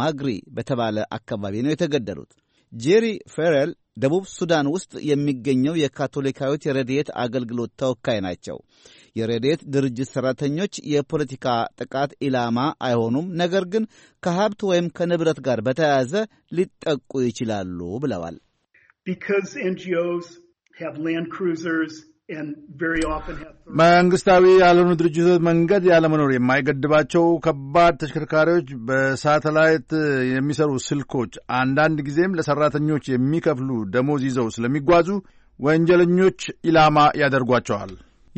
ማግሪ በተባለ አካባቢ ነው የተገደሉት። ጄሪ ፌረል ደቡብ ሱዳን ውስጥ የሚገኘው የካቶሊካዊት የረድኤት አገልግሎት ተወካይ ናቸው። የረድኤት ድርጅት ሠራተኞች የፖለቲካ ጥቃት ኢላማ አይሆኑም፣ ነገር ግን ከሀብት ወይም ከንብረት ጋር በተያያዘ ሊጠቁ ይችላሉ ብለዋል። መንግስታዊ ያልሆኑ ድርጅቶች መንገድ ያለመኖር የማይገድባቸው ከባድ ተሽከርካሪዎች፣ በሳተላይት የሚሰሩ ስልኮች፣ አንዳንድ ጊዜም ለሰራተኞች የሚከፍሉ ደሞዝ ይዘው ስለሚጓዙ ወንጀለኞች ኢላማ ያደርጓቸዋል።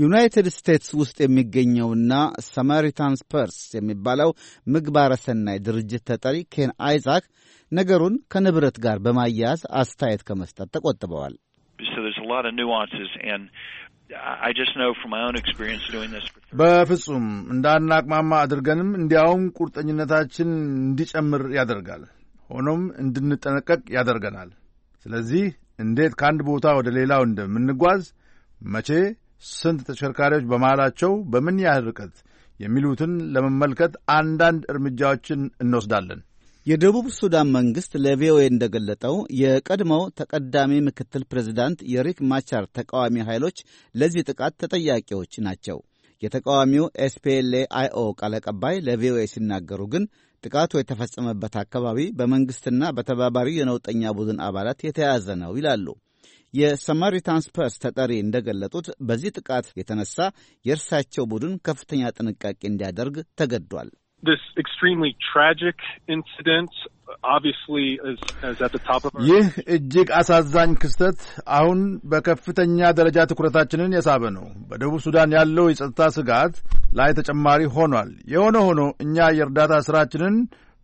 ዩናይትድ ስቴትስ ውስጥ የሚገኘውና ሰማሪታንስ ፐርስ የሚባለው ምግባረ ሰናይ ድርጅት ተጠሪ ኬን አይዛክ ነገሩን ከንብረት ጋር በማያያዝ አስተያየት ከመስጠት ተቆጥበዋል። there's a lot of nuances, and I just know from my own experience doing this. በፍጹም እንዳናቅማማ አድርገንም እንዲያውም ቁርጠኝነታችን እንዲጨምር ያደርጋል። ሆኖም እንድንጠነቀቅ ያደርገናል። ስለዚህ እንዴት ከአንድ ቦታ ወደ ሌላው እንደምንጓዝ፣ መቼ፣ ስንት ተሽከርካሪዎች በመሃላቸው በምን ያህል ርቀት የሚሉትን ለመመልከት አንዳንድ እርምጃዎችን እንወስዳለን። የደቡብ ሱዳን መንግሥት ለቪኦኤ እንደገለጠው የቀድሞው ተቀዳሚ ምክትል ፕሬዚዳንት የሪክ ማቻር ተቃዋሚ ኃይሎች ለዚህ ጥቃት ተጠያቂዎች ናቸው። የተቃዋሚው ኤስፒኤልኤ አይኦ ቃል አቀባይ ለቪኦኤ ሲናገሩ ግን ጥቃቱ የተፈጸመበት አካባቢ በመንግሥትና በተባባሪ የነውጠኛ ቡድን አባላት የተያዘ ነው ይላሉ። የሰማሪታንስ ፐርስ ተጠሪ እንደገለጡት በዚህ ጥቃት የተነሳ የእርሳቸው ቡድን ከፍተኛ ጥንቃቄ እንዲያደርግ ተገዷል። this extremely tragic incident obviously is, is at the top ይህ እጅግ አሳዛኝ ክስተት አሁን በከፍተኛ ደረጃ ትኩረታችንን የሳበ ነው። በደቡብ ሱዳን ያለው የጸጥታ ስጋት ላይ ተጨማሪ ሆኗል። የሆነ ሆኖ እኛ የእርዳታ ስራችንን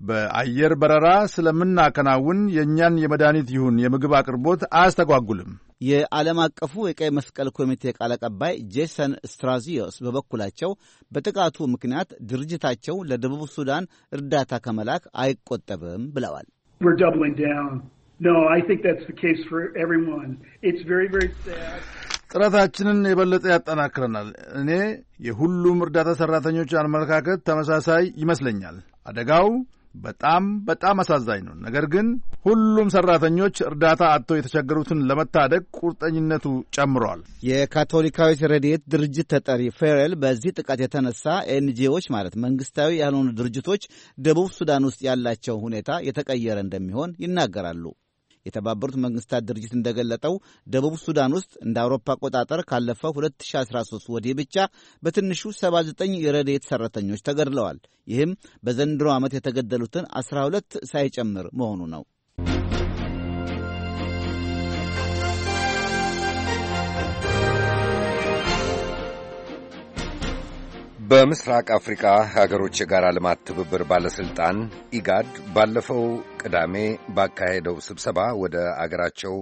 በአየር በረራ ስለምናከናውን የእኛን የመድኃኒት ይሁን የምግብ አቅርቦት አያስተጓጉልም። የዓለም አቀፉ የቀይ መስቀል ኮሚቴ ቃል አቀባይ ጄሰን ስትራዚዮስ በበኩላቸው በጥቃቱ ምክንያት ድርጅታቸው ለደቡብ ሱዳን እርዳታ ከመላክ አይቆጠብም ብለዋል። ጥረታችንን የበለጠ ያጠናክረናል። እኔ የሁሉም እርዳታ ሠራተኞች አመለካከት ተመሳሳይ ይመስለኛል። አደጋው በጣም በጣም አሳዛኝ ነው። ነገር ግን ሁሉም ሰራተኞች እርዳታ አጥተው የተቸገሩትን ለመታደግ ቁርጠኝነቱ ጨምሯል። የካቶሊካዊት ረድኤት ድርጅት ተጠሪ ፌሬል በዚህ ጥቃት የተነሳ ኤንጂዎች ማለት መንግስታዊ ያልሆኑ ድርጅቶች ደቡብ ሱዳን ውስጥ ያላቸው ሁኔታ የተቀየረ እንደሚሆን ይናገራሉ። የተባበሩት መንግስታት ድርጅት እንደገለጠው ደቡብ ሱዳን ውስጥ እንደ አውሮፓ አቆጣጠር ካለፈው 2013 ወዲህ ብቻ በትንሹ 79 የረድኤት ሠራተኞች ተገድለዋል። ይህም በዘንድሮ ዓመት የተገደሉትን 12 ሳይጨምር መሆኑ ነው። በምስራቅ አፍሪካ ሀገሮች የጋራ ልማት ትብብር ባለሥልጣን ኢጋድ ባለፈው ቅዳሜ ባካሄደው ስብሰባ ወደ አገራቸው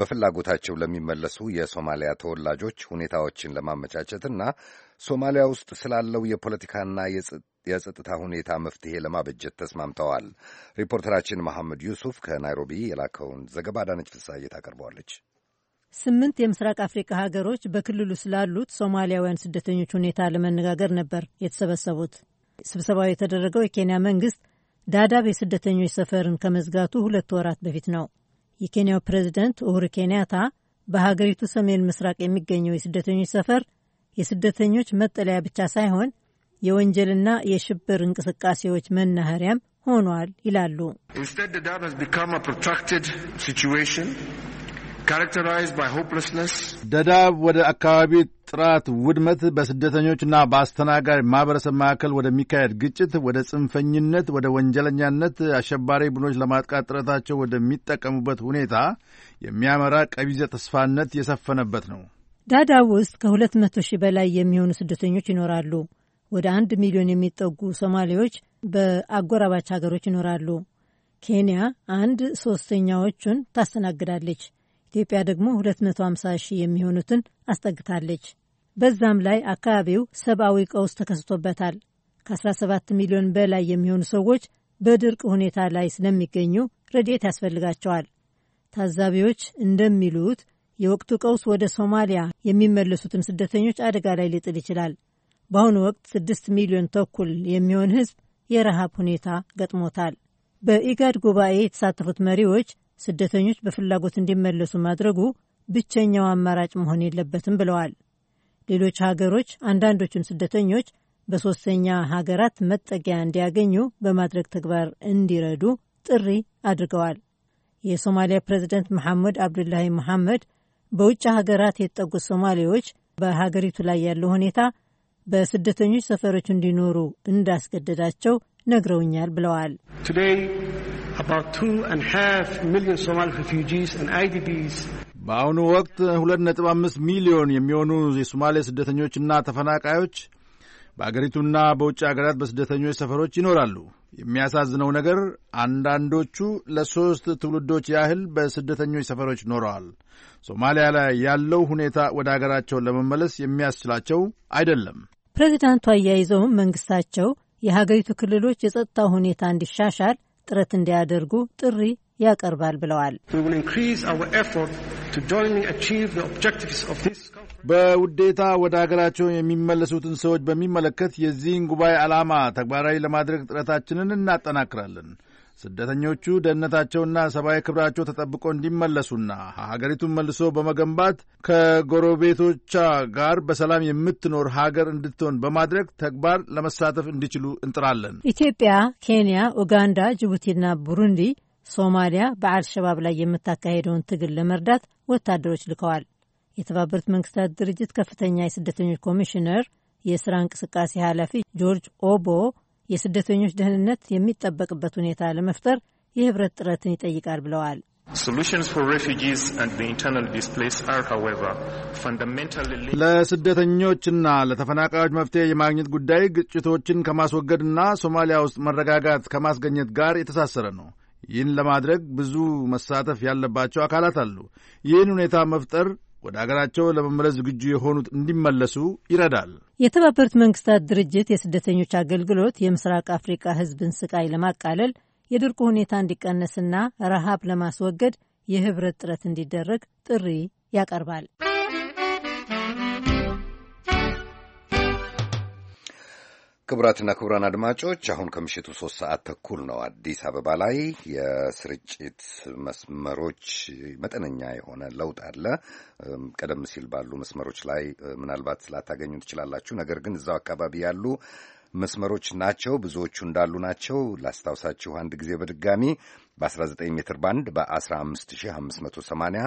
በፍላጎታቸው ለሚመለሱ የሶማሊያ ተወላጆች ሁኔታዎችን ለማመቻቸትና ሶማሊያ ውስጥ ስላለው የፖለቲካና የጸጥታ ሁኔታ መፍትሄ ለማበጀት ተስማምተዋል። ሪፖርተራችን መሐመድ ዩሱፍ ከናይሮቢ የላከውን ዘገባ ዳነች ፍሳዬ ታቀርበዋለች። ስምንት የምስራቅ አፍሪካ ሀገሮች በክልሉ ስላሉት ሶማሊያውያን ስደተኞች ሁኔታ ለመነጋገር ነበር የተሰበሰቡት። ስብሰባው የተደረገው የኬንያ መንግስት ዳዳብ የስደተኞች ሰፈርን ከመዝጋቱ ሁለት ወራት በፊት ነው። የኬንያው ፕሬዚደንት ኡሁሩ ኬንያታ በሀገሪቱ ሰሜን ምስራቅ የሚገኘው የስደተኞች ሰፈር የስደተኞች መጠለያ ብቻ ሳይሆን የወንጀልና የሽብር እንቅስቃሴዎች መናኸሪያም ሆኗል ይላሉ። ደዳብ ወደ አካባቢ ጥራት ውድመት፣ በስደተኞችና በአስተናጋጅ ማኅበረሰብ መካከል ወደሚካሄድ ግጭት፣ ወደ ጽንፈኝነት፣ ወደ ወንጀለኛነት፣ አሸባሪ ቡድኖች ለማጥቃት ጥረታቸው ወደሚጠቀሙበት ሁኔታ የሚያመራ ቀቢዘ ተስፋነት የሰፈነበት ነው። ዳዳብ ውስጥ ከ200 ሺህ በላይ የሚሆኑ ስደተኞች ይኖራሉ። ወደ አንድ ሚሊዮን የሚጠጉ ሶማሌዎች በአጎራባች ሀገሮች ይኖራሉ። ኬንያ አንድ ሶስተኛዎቹን ታስተናግዳለች። ኢትዮጵያ ደግሞ 250 ሺህ የሚሆኑትን አስጠግታለች። በዛም ላይ አካባቢው ሰብአዊ ቀውስ ተከስቶበታል። ከ17 ሚሊዮን በላይ የሚሆኑ ሰዎች በድርቅ ሁኔታ ላይ ስለሚገኙ ረድኤት ያስፈልጋቸዋል። ታዛቢዎች እንደሚሉት የወቅቱ ቀውስ ወደ ሶማሊያ የሚመለሱትን ስደተኞች አደጋ ላይ ሊጥል ይችላል። በአሁኑ ወቅት ስድስት ሚሊዮን ተኩል የሚሆን ህዝብ የረሃብ ሁኔታ ገጥሞታል። በኢጋድ ጉባኤ የተሳተፉት መሪዎች ስደተኞች በፍላጎት እንዲመለሱ ማድረጉ ብቸኛው አማራጭ መሆን የለበትም ብለዋል። ሌሎች ሀገሮች አንዳንዶቹን ስደተኞች በሶስተኛ ሀገራት መጠጊያ እንዲያገኙ በማድረግ ተግባር እንዲረዱ ጥሪ አድርገዋል። የሶማሊያ ፕሬዚደንት መሐመድ አብዱላሂ መሐመድ በውጭ ሀገራት የተጠጉት ሶማሌዎች በሀገሪቱ ላይ ያለው ሁኔታ በስደተኞች ሰፈሮች እንዲኖሩ እንዳስገደዳቸው ነግረውኛል ብለዋል። about two and a half million Somali refugees and IDPs. በአሁኑ ወቅት 2.5 ሚሊዮን የሚሆኑ የሶማሌ ስደተኞችና ተፈናቃዮች በአገሪቱና በውጭ አገራት በስደተኞች ሰፈሮች ይኖራሉ። የሚያሳዝነው ነገር አንዳንዶቹ ለሦስት ትውልዶች ያህል በስደተኞች ሰፈሮች ኖረዋል። ሶማሊያ ላይ ያለው ሁኔታ ወደ አገራቸው ለመመለስ የሚያስችላቸው አይደለም። ፕሬዚዳንቱ አያይዘውም መንግሥታቸው የሀገሪቱ ክልሎች የጸጥታው ሁኔታ እንዲሻሻል ጥረት እንዲያደርጉ ጥሪ ያቀርባል ብለዋል። በውዴታ ወደ ሀገራቸው የሚመለሱትን ሰዎች በሚመለከት የዚህን ጉባኤ ዓላማ ተግባራዊ ለማድረግ ጥረታችንን እናጠናክራለን። ስደተኞቹ ደህንነታቸውና ሰብአዊ ክብራቸው ተጠብቆ እንዲመለሱና ሀገሪቱን መልሶ በመገንባት ከጎረቤቶቿ ጋር በሰላም የምትኖር ሀገር እንድትሆን በማድረግ ተግባር ለመሳተፍ እንዲችሉ እንጥራለን። ኢትዮጵያ፣ ኬንያ፣ ኡጋንዳ፣ ጅቡቲና ቡሩንዲ ሶማሊያ በአልሸባብ ላይ የምታካሄደውን ትግል ለመርዳት ወታደሮች ልከዋል። የተባበሩት መንግስታት ድርጅት ከፍተኛ የስደተኞች ኮሚሽነር የስራ እንቅስቃሴ ኃላፊ ጆርጅ ኦቦ የስደተኞች ደህንነት የሚጠበቅበት ሁኔታ ለመፍጠር የህብረት ጥረትን ይጠይቃል ብለዋል። ለስደተኞችና ለተፈናቃዮች መፍትሄ የማግኘት ጉዳይ ግጭቶችን ከማስወገድና ሶማሊያ ውስጥ መረጋጋት ከማስገኘት ጋር የተሳሰረ ነው። ይህን ለማድረግ ብዙ መሳተፍ ያለባቸው አካላት አሉ። ይህን ሁኔታ መፍጠር ወደ አገራቸው ለመመለስ ዝግጁ የሆኑት እንዲመለሱ ይረዳል። የተባበሩት መንግስታት ድርጅት የስደተኞች አገልግሎት የምስራቅ አፍሪካ ህዝብን ስቃይ ለማቃለል የድርቁ ሁኔታ እንዲቀነስና ረሃብ ለማስወገድ የህብረት ጥረት እንዲደረግ ጥሪ ያቀርባል። ክቡራትና ክቡራን አድማጮች አሁን ከምሽቱ ሶስት ሰዓት ተኩል ነው። አዲስ አበባ ላይ የስርጭት መስመሮች መጠነኛ የሆነ ለውጥ አለ። ቀደም ሲል ባሉ መስመሮች ላይ ምናልባት ስላታገኙ ትችላላችሁ። ነገር ግን እዛው አካባቢ ያሉ መስመሮች ናቸው። ብዙዎቹ እንዳሉ ናቸው። ላስታውሳችሁ አንድ ጊዜ በድጋሚ በ19 ሜትር ባንድ በ15580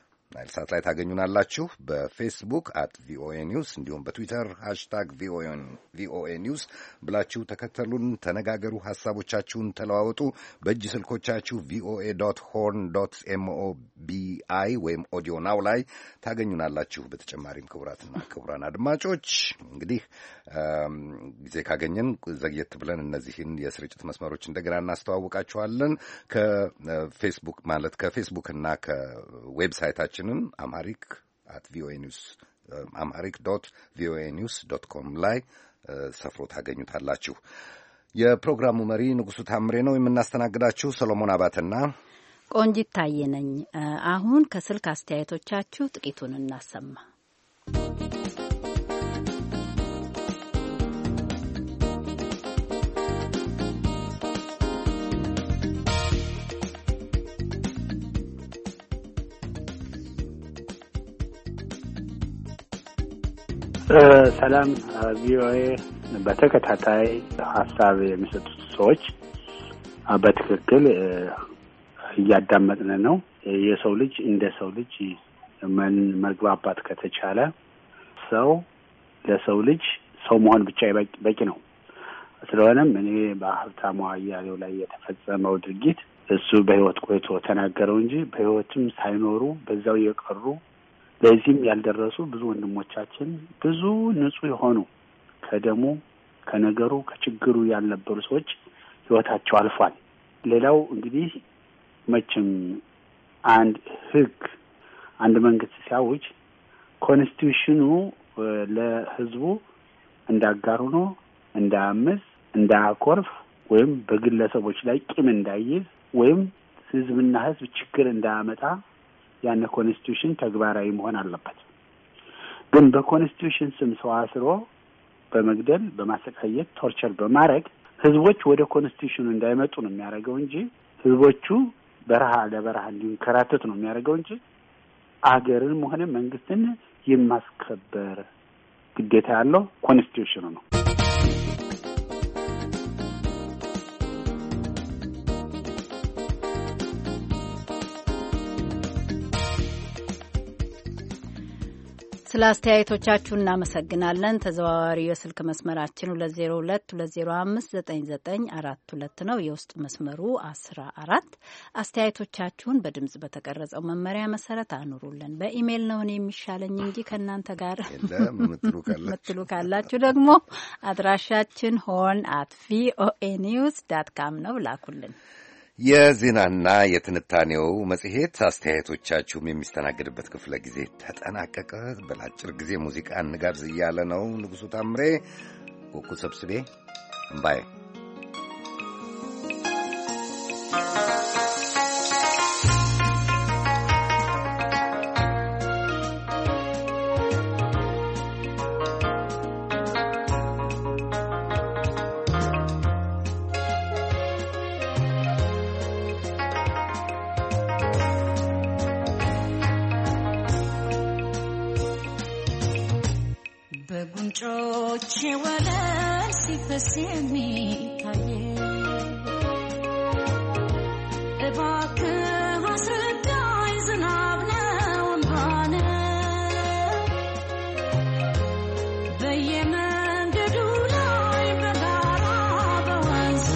ናይል ሳት ላይ ታገኙናላችሁ። በፌስቡክ አት ቪኦኤ ኒውስ እንዲሁም በትዊተር ሃሽታግ ቪኦኤ ኒውስ ብላችሁ ተከተሉን፣ ተነጋገሩ፣ ሀሳቦቻችሁን ተለዋወጡ። በእጅ ስልኮቻችሁ ቪኦኤ ዶት ሆርን ዶት ኤምኦ ቢአይ ወይም ኦዲዮ ናው ላይ ታገኙናላችሁ። በተጨማሪም ክቡራትና ክቡራን አድማጮች እንግዲህ ጊዜ ካገኘን ዘግየት ብለን እነዚህን የስርጭት መስመሮች እንደገና እናስተዋውቃችኋለን። ከፌስቡክ ማለት ከፌስቡክ እና ከዌብሳይታችን ድረገጻችንን አማሪክ አት ቪኦኤ ኒውስ አማሪክ ዶት ቪኦኤ ኒውስ ዶት ኮም ላይ uh, ሰፍሮ ታገኙታላችሁ። የፕሮግራሙ መሪ ንጉሱ ታምሬ ነው። የምናስተናግዳችሁ ሰሎሞን አባትና ቆንጂት ታየነኝ ነኝ። uh, አሁን ከስልክ አስተያየቶቻችሁ ጥቂቱን እናሰማ። ሰላም ቪኦኤ። በተከታታይ ሀሳብ የሚሰጡት ሰዎች በትክክል እያዳመጥን ነው። የሰው ልጅ እንደ ሰው ልጅ ምን መግባባት ከተቻለ ሰው ለሰው ልጅ ሰው መሆን ብቻ በቂ ነው። ስለሆነም እኔ በሀብታሙ አያሌው ላይ የተፈጸመው ድርጊት እሱ በህይወት ቆይቶ ተናገረው እንጂ በህይወትም ሳይኖሩ በዛው የቀሩ ለዚህም ያልደረሱ ብዙ ወንድሞቻችን ብዙ ንጹህ የሆኑ ከደሙ ከነገሩ ከችግሩ ያልነበሩ ሰዎች ህይወታቸው አልፏል። ሌላው እንግዲህ መቼም አንድ ህግ አንድ መንግስት ሲያውጅ ኮንስቲቱሽኑ ለህዝቡ እንዳጋር ሆኖ እንዳያምስ፣ እንዳያኮርፍ ወይም በግለሰቦች ላይ ቂም እንዳይይዝ ወይም ህዝብና ህዝብ ችግር እንዳያመጣ ያነ ኮንስቲቱሽን ተግባራዊ መሆን አለበት። ግን በኮንስቲቱሽን ስም ሰው አስሮ በመግደል በማሰቃየት ቶርቸር በማድረግ ህዝቦች ወደ ኮንስቲቱሽኑ እንዳይመጡ ነው የሚያደርገው እንጂ ህዝቦቹ በረሃ ለበረሃ እንዲንከራተት ነው የሚያደርገው እንጂ አገርን ሆነ መንግስትን የማስከበር ግዴታ ያለው ኮንስቲቱሽኑ ነው። ስለ አስተያየቶቻችሁ እናመሰግናለን። ተዘዋዋሪ የስልክ መስመራችን 2022059942 ነው። የውስጥ መስመሩ 14። አስተያየቶቻችሁን በድምጽ በተቀረጸው መመሪያ መሰረት አኑሩልን። በኢሜይል ነው እኔ የሚሻለኝ እንጂ ከእናንተ ጋር ምትሉ ካላችሁ ደግሞ አድራሻችን ሆን አት ቪኦኤ ኒውስ ዳት ካም ነው። ላኩልን። የዜናና የትንታኔው መጽሔት አስተያየቶቻችሁም የሚስተናገድበት ክፍለ ጊዜ ተጠናቀቀ። በላጭር ጊዜ ሙዚቃ እንጋብዝ እያለ ነው ንጉሡ ታምሬ። ወኩ ሰብስቤ እምባዬ በንፈሴ የሚታየ እባክህ አስረዳኝ ዝናብ ነው እንባነ በየመንገዱ ላይ በጋራ በወንዙ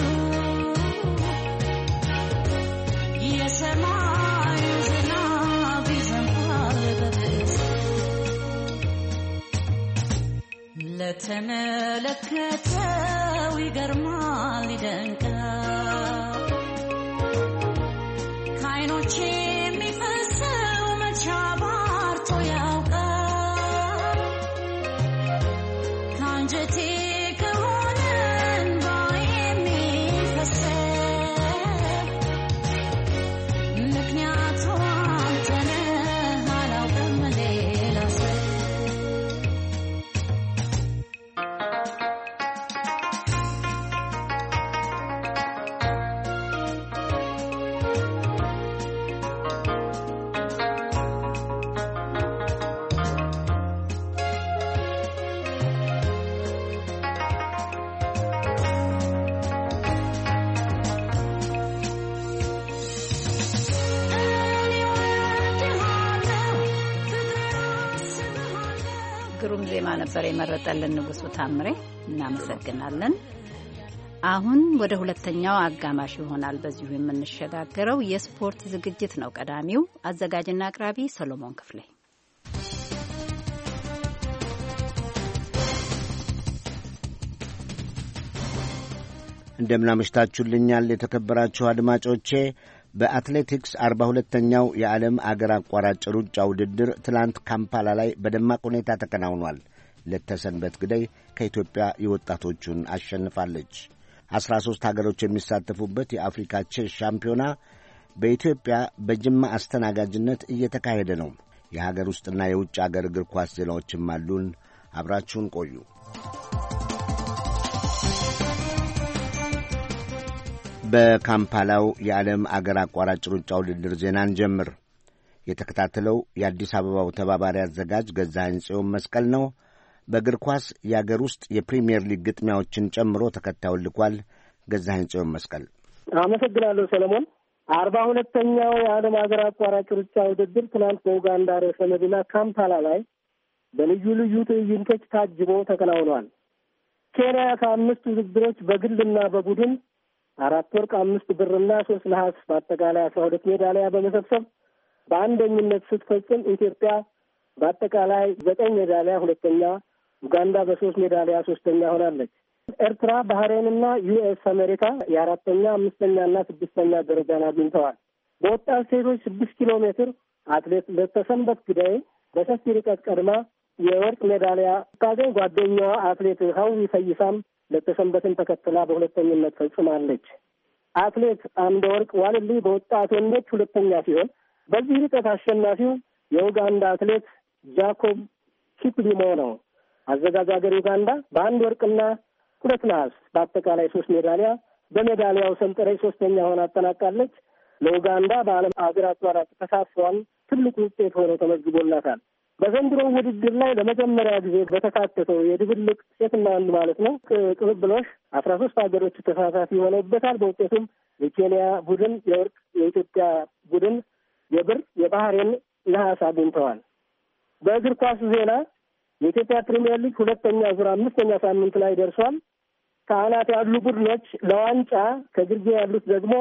የሰማዩ ዝናብ ይዘንባል በብስ ለተነ ነበር የመረጠልን ንጉሱ ታምሬ። እናመሰግናለን። አሁን ወደ ሁለተኛው አጋማሽ ይሆናል በዚሁ የምንሸጋገረው። የስፖርት ዝግጅት ነው ቀዳሚው። አዘጋጅና አቅራቢ ሰሎሞን ክፍሌ። እንደምናመሽታችሁልኛል የተከበራችሁ አድማጮቼ። በአትሌቲክስ አርባ ሁለተኛው የዓለም አገር አቋራጭ ሩጫ ውድድር ትላንት ካምፓላ ላይ በደማቅ ሁኔታ ተከናውኗል። ለተሰንበት ግደይ ከኢትዮጵያ የወጣቶቹን አሸንፋለች። አስራ ሦስት አገሮች የሚሳተፉበት የአፍሪካ ቼስ ሻምፒዮና በኢትዮጵያ በጅማ አስተናጋጅነት እየተካሄደ ነው። የሀገር ውስጥና የውጭ አገር እግር ኳስ ዜናዎችም አሉን። አብራችሁን ቆዩ። በካምፓላው የዓለም አገር አቋራጭ ሩጫ ውድድር ዜናን ጀምር የተከታተለው የአዲስ አበባው ተባባሪ አዘጋጅ ገዛኸኝ ጽዮን መስቀል ነው። በእግር ኳስ የአገር ውስጥ የፕሪምየር ሊግ ግጥሚያዎችን ጨምሮ ተከታዩን ልኳል። ገዛኸኝ ጽዮን መስቀል አመሰግናለሁ ሰለሞን። አርባ ሁለተኛው የዓለም ሀገር አቋራጭ ሩጫ ውድድር ትናንት በኡጋንዳ ርዕሰ መዲና ካምፓላ ላይ በልዩ ልዩ ትዕይንቶች ታጅቦ ተከናውኗል። ኬንያ ከአምስት ውድድሮች በግልና በቡድን አራት ወርቅ፣ አምስት ብርና ሶስት ነሐስ በአጠቃላይ አስራ ሁለት ሜዳሊያ በመሰብሰብ በአንደኝነት ስትፈጽም ኢትዮጵያ በአጠቃላይ ዘጠኝ ሜዳሊያ ሁለተኛ ኡጋንዳ በሶስት ሜዳሊያ ሶስተኛ ሆናለች። ኤርትራ፣ ባህሬንና ዩኤስ አሜሪካ የአራተኛ አምስተኛና ስድስተኛ ደረጃን አግኝተዋል። በወጣት ሴቶች ስድስት ኪሎ ሜትር አትሌት ለተሰንበት ግዳይ በሰፊ ርቀት ቀድማ የወርቅ ሜዳሊያ ስታገኝ ጓደኛዋ አትሌት ሀዊ ፈይሳም ለተሰንበትን ተከትላ በሁለተኝነት ፈጽማለች። አትሌት ወርቅ ዋልልይ በወጣት ወንዶች ሁለተኛ ሲሆን በዚህ ርቀት አሸናፊው የኡጋንዳ አትሌት ጃኮብ ኪፕሊሞ ነው። አዘጋጅ ሀገር ዩጋንዳ በአንድ ወርቅና ሁለት ነሐስ በአጠቃላይ ሶስት ሜዳሊያ በሜዳሊያው ሰንጠረዥ ሶስተኛ ሆና አጠናቃለች። ለኡጋንዳ በዓለም ሀገራት አራት ተሳትፏል ትልቁ ውጤት ሆኖ ተመዝግቦላታል። በዘንድሮ ውድድር ላይ ለመጀመሪያ ጊዜ በተካተተው የድብልቅ ሴትና ወንድ ማለት ነው ቅብብሎሽ አስራ ሶስት ሀገሮች ተሳታፊ ሆነውበታል። በውጤቱም የኬንያ ቡድን የወርቅ፣ የኢትዮጵያ ቡድን የብር፣ የባህሬን ነሐስ አግኝተዋል። በእግር ኳስ ዜና የኢትዮጵያ ፕሪምየር ሊግ ሁለተኛ ዙር አምስተኛ ሳምንት ላይ ደርሷል። ከአናት ያሉ ቡድኖች ለዋንጫ ከግርጌ ያሉት ደግሞ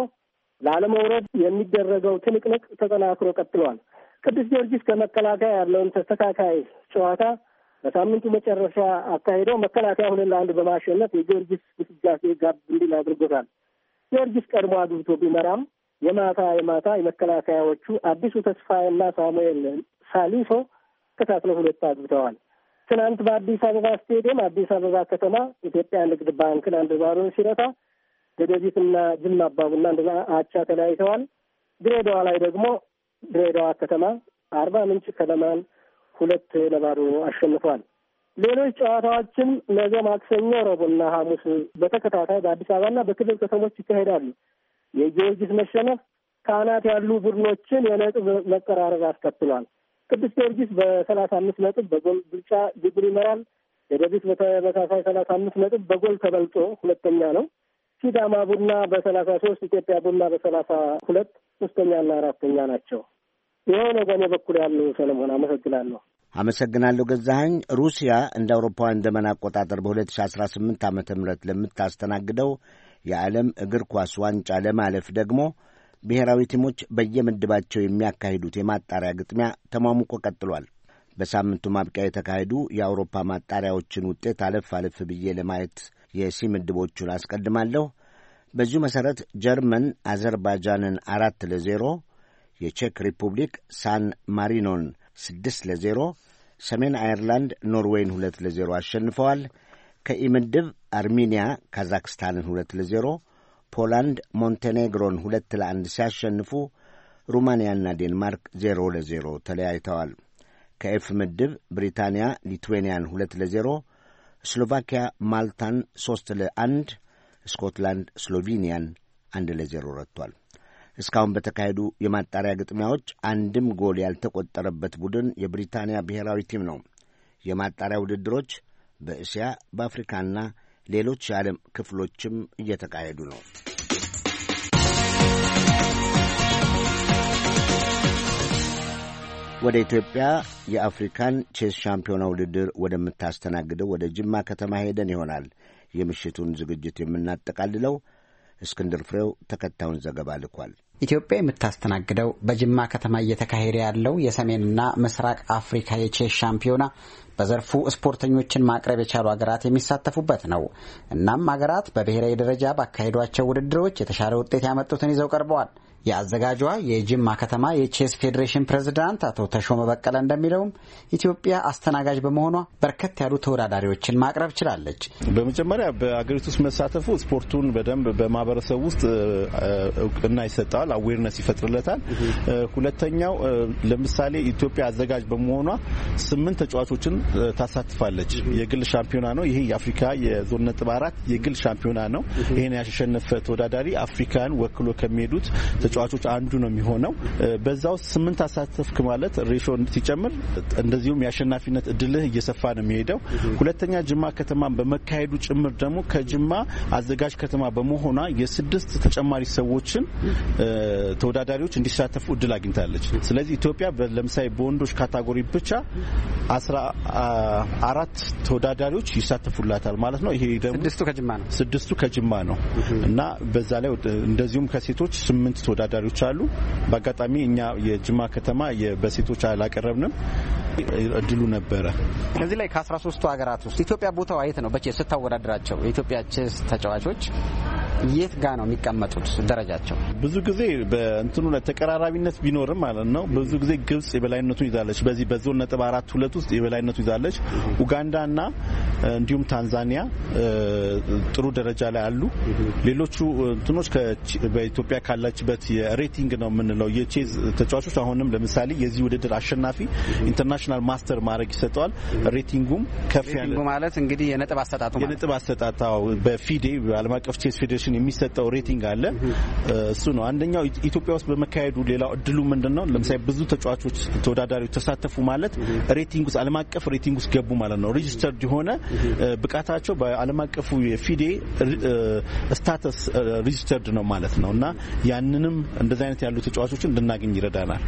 ላለመውረድ የሚደረገው ትንቅንቅ ተጠናክሮ ቀጥሏል። ቅዱስ ጊዮርጊስ ከመከላከያ ያለውን ተስተካካይ ጨዋታ በሳምንቱ መጨረሻ አካሄደው መከላከያ ሁለት ለአንድ በማሸነፍ የጊዮርጊስ ግስጋሴ ጋብ እንዲል አድርጎታል። ጊዮርጊስ ቀድሞ አግብቶ ቢመራም የማታ የማታ የመከላከያዎቹ አዲሱ ተስፋዬና ሳሙኤል ሳሊሶ ተከታትለው ሁለት አግብተዋል። ትናንት በአዲስ አበባ ስቴዲየም አዲስ አበባ ከተማ ኢትዮጵያ ንግድ ባንክን አንድ ባሮን ሲረታ ደደቢትና ጅማ አባቡና እንደዛ አቻ ተለያይተዋል። ድሬዳዋ ላይ ደግሞ ድሬዳዋ ከተማ አርባ ምንጭ ከተማን ሁለት ለባዶ አሸንፏል። ሌሎች ጨዋታዎችም ነገ ማክሰኞ፣ ረቡዕና ሐሙስ በተከታታይ በአዲስ አበባና በክልል ከተሞች ይካሄዳሉ። የጊዮርጊስ መሸነፍ ካህናት ያሉ ቡድኖችን የነጥብ መቀራረብ አስከትሏል። ቅዱስ ጊዮርጊስ በሰላሳ አምስት ነጥብ በጎል ብልጫ ግብር ይመራል። ደደቢት በተመሳሳይ ሰላሳ አምስት ነጥብ በጎል ተበልጦ ሁለተኛ ነው። ሲዳማ ቡና በሰላሳ ሶስት ኢትዮጵያ ቡና በሰላሳ ሁለት ሶስተኛና አራተኛ ናቸው። ይኸው ነው በእኔ በኩል ያለው። ሰለሞን አመሰግናለሁ። አመሰግናለሁ ገዛኸኝ። ሩሲያ እንደ አውሮፓውያን ዘመን አቆጣጠር በ2018 ዓ ም ለምታስተናግደው የዓለም እግር ኳስ ዋንጫ ለማለፍ ደግሞ ብሔራዊ ቲሞች በየምድባቸው የሚያካሂዱት የማጣሪያ ግጥሚያ ተሟሙቆ ቀጥሏል። በሳምንቱ ማብቂያ የተካሄዱ የአውሮፓ ማጣሪያዎችን ውጤት አለፍ አለፍ ብዬ ለማየት የሲ ምድቦቹን አስቀድማለሁ። በዚሁ መሠረት ጀርመን አዘርባጃንን አራት ለዜሮ፣ የቼክ ሪፑብሊክ ሳን ማሪኖን ስድስት ለዜሮ፣ ሰሜን አየርላንድ ኖርዌይን ሁለት ለዜሮ አሸንፈዋል። ከኢ ምድብ አርሜንያ ካዛክስታንን ሁለት ለዜሮ ፖላንድ ሞንቴኔግሮን ሁለት ለአንድ ሲያሸንፉ ሩማንያና ዴንማርክ ዜሮ ለዜሮ ተለያይተዋል። ከኤፍ ምድብ ብሪታንያ ሊትዌንያን ሁለት ለዜሮ፣ ስሎቫኪያ ማልታን ሦስት ለአንድ፣ ስኮትላንድ ስሎቬኒያን አንድ ለዜሮ ረትቷል። እስካሁን በተካሄዱ የማጣሪያ ግጥሚያዎች አንድም ጎል ያልተቆጠረበት ቡድን የብሪታንያ ብሔራዊ ቲም ነው። የማጣሪያ ውድድሮች በእስያ በአፍሪካና ሌሎች የዓለም ክፍሎችም እየተካሄዱ ነው። ወደ ኢትዮጵያ የአፍሪካን ቼስ ሻምፒዮና ውድድር ወደምታስተናግደው ወደ ጅማ ከተማ ሄደን ይሆናል የምሽቱን ዝግጅት የምናጠቃልለው። እስክንድር ፍሬው ተከታዩን ዘገባ ልኳል። ኢትዮጵያ የምታስተናግደው በጅማ ከተማ እየተካሄደ ያለው የሰሜንና ምስራቅ አፍሪካ የቼስ ሻምፒዮና በዘርፉ ስፖርተኞችን ማቅረብ የቻሉ ሀገራት የሚሳተፉበት ነው። እናም ሀገራት በብሔራዊ ደረጃ ባካሄዷቸው ውድድሮች የተሻለ ውጤት ያመጡትን ይዘው ቀርበዋል። የአዘጋጇ የጅማ ከተማ የቼስ ፌዴሬሽን ፕሬዝዳንት አቶ ተሾመ በቀለ እንደሚለውም ኢትዮጵያ አስተናጋጅ በመሆኗ በርከት ያሉ ተወዳዳሪዎችን ማቅረብ ችላለች። በመጀመሪያ በአገሪቱ ውስጥ መሳተፉ ስፖርቱን በደንብ በማህበረሰብ ውስጥ እውቅና ይሰጠዋል፣ አዌርነስ ይፈጥርለታል። ሁለተኛው ለምሳሌ ኢትዮጵያ አዘጋጅ በመሆኗ ስምንት ተጫዋቾችን ታሳትፋለች። የግል ሻምፒዮና ነው። ይሄ የአፍሪካ የዞን ነጥብ አራት የግል ሻምፒዮና ነው። ይህን ያሸነፈ ተወዳዳሪ አፍሪካን ወክሎ ከሚሄዱት ተጫዋቾች አንዱ ነው የሚሆነው። በዛ ውስጥ ስምንት አሳተፍክ ማለት ሬሾ ሲጨምር፣ እንደዚሁም የአሸናፊነት እድልህ እየሰፋ ነው የሚሄደው። ሁለተኛ ጅማ ከተማን በመካሄዱ ጭምር ደግሞ ከጅማ አዘጋጅ ከተማ በመሆኗ የስድስት ተጨማሪ ሰዎችን ተወዳዳሪዎች እንዲሳተፉ እድል አግኝታለች። ስለዚህ ኢትዮጵያ ለምሳሌ በወንዶች ካታጎሪ ብቻ አስራ አራት ተወዳዳሪዎች ይሳተፉላታል ማለት ነው። ይሄ ደግሞ ስድስቱ ከጅማ ነው እና በዛ ላይ እንደዚሁም ከሴቶች ስምንት ተወዳ ተወዳዳሪዎች አሉ። በአጋጣሚ እኛ የጅማ ከተማ በሴቶች አላቀረብንም እድሉ ነበረ። እዚህ ላይ ከአስራ ሶስቱ ሀገራት ውስጥ ኢትዮጵያ ቦታው የት ነው? በቼ ስታወዳድራቸው የኢትዮጵያ ቼስ ተጫዋቾች የት ጋ ነው የሚቀመጡት ደረጃቸው? ብዙ ጊዜ በእንትኑ ላይ ተቀራራቢነት ቢኖርም ማለት ነው። ብዙ ጊዜ ግብጽ የበላይነቱን ይዛለች። በዚህ በዞን ነጥብ አራት ሁለት ውስጥ የበላይነቱ ይዛለች። ኡጋንዳ ና እንዲሁም ታንዛኒያ ጥሩ ደረጃ ላይ አሉ። ሌሎቹ እንትኖች በኢትዮጵያ ካላችበት የሬቲንግ ነው የምንለው የቼዝ ተጫዋቾች አሁንም ለምሳሌ የዚህ ውድድር አሸናፊ ኢንተርናሽናል ማስተር ማድረግ ይሰጠዋል። ሬቲንጉም ከፍ ያለ ማለት እንግዲህ የነጥብ አሰጣጡ የነጥብ አሰጣጣው በፊዴ በዓለም አቀፍ ቼዝ ፌዴሬሽን የሚሰጠው ሬቲንግ አለ። እሱ ነው አንደኛው። ኢትዮጵያ ውስጥ በመካሄዱ ሌላው እድሉ ምንድን ነው? ለምሳሌ ብዙ ተጫዋቾች ተወዳዳሪዎች ተሳተፉ ማለት ሬቲንግ ውስጥ ዓለም አቀፍ ሬቲንግ ውስጥ ገቡ ማለት ነው። ሬጅስተርድ የሆነ ብቃታቸው በዓለም አቀፉ የፊዴ ስታተስ ሬጅስተርድ ነው ማለት ነው እና ያንንም ሲሆን እንደዚህ አይነት ያሉ ተጫዋቾችን እንድናገኝ ይረዳናል።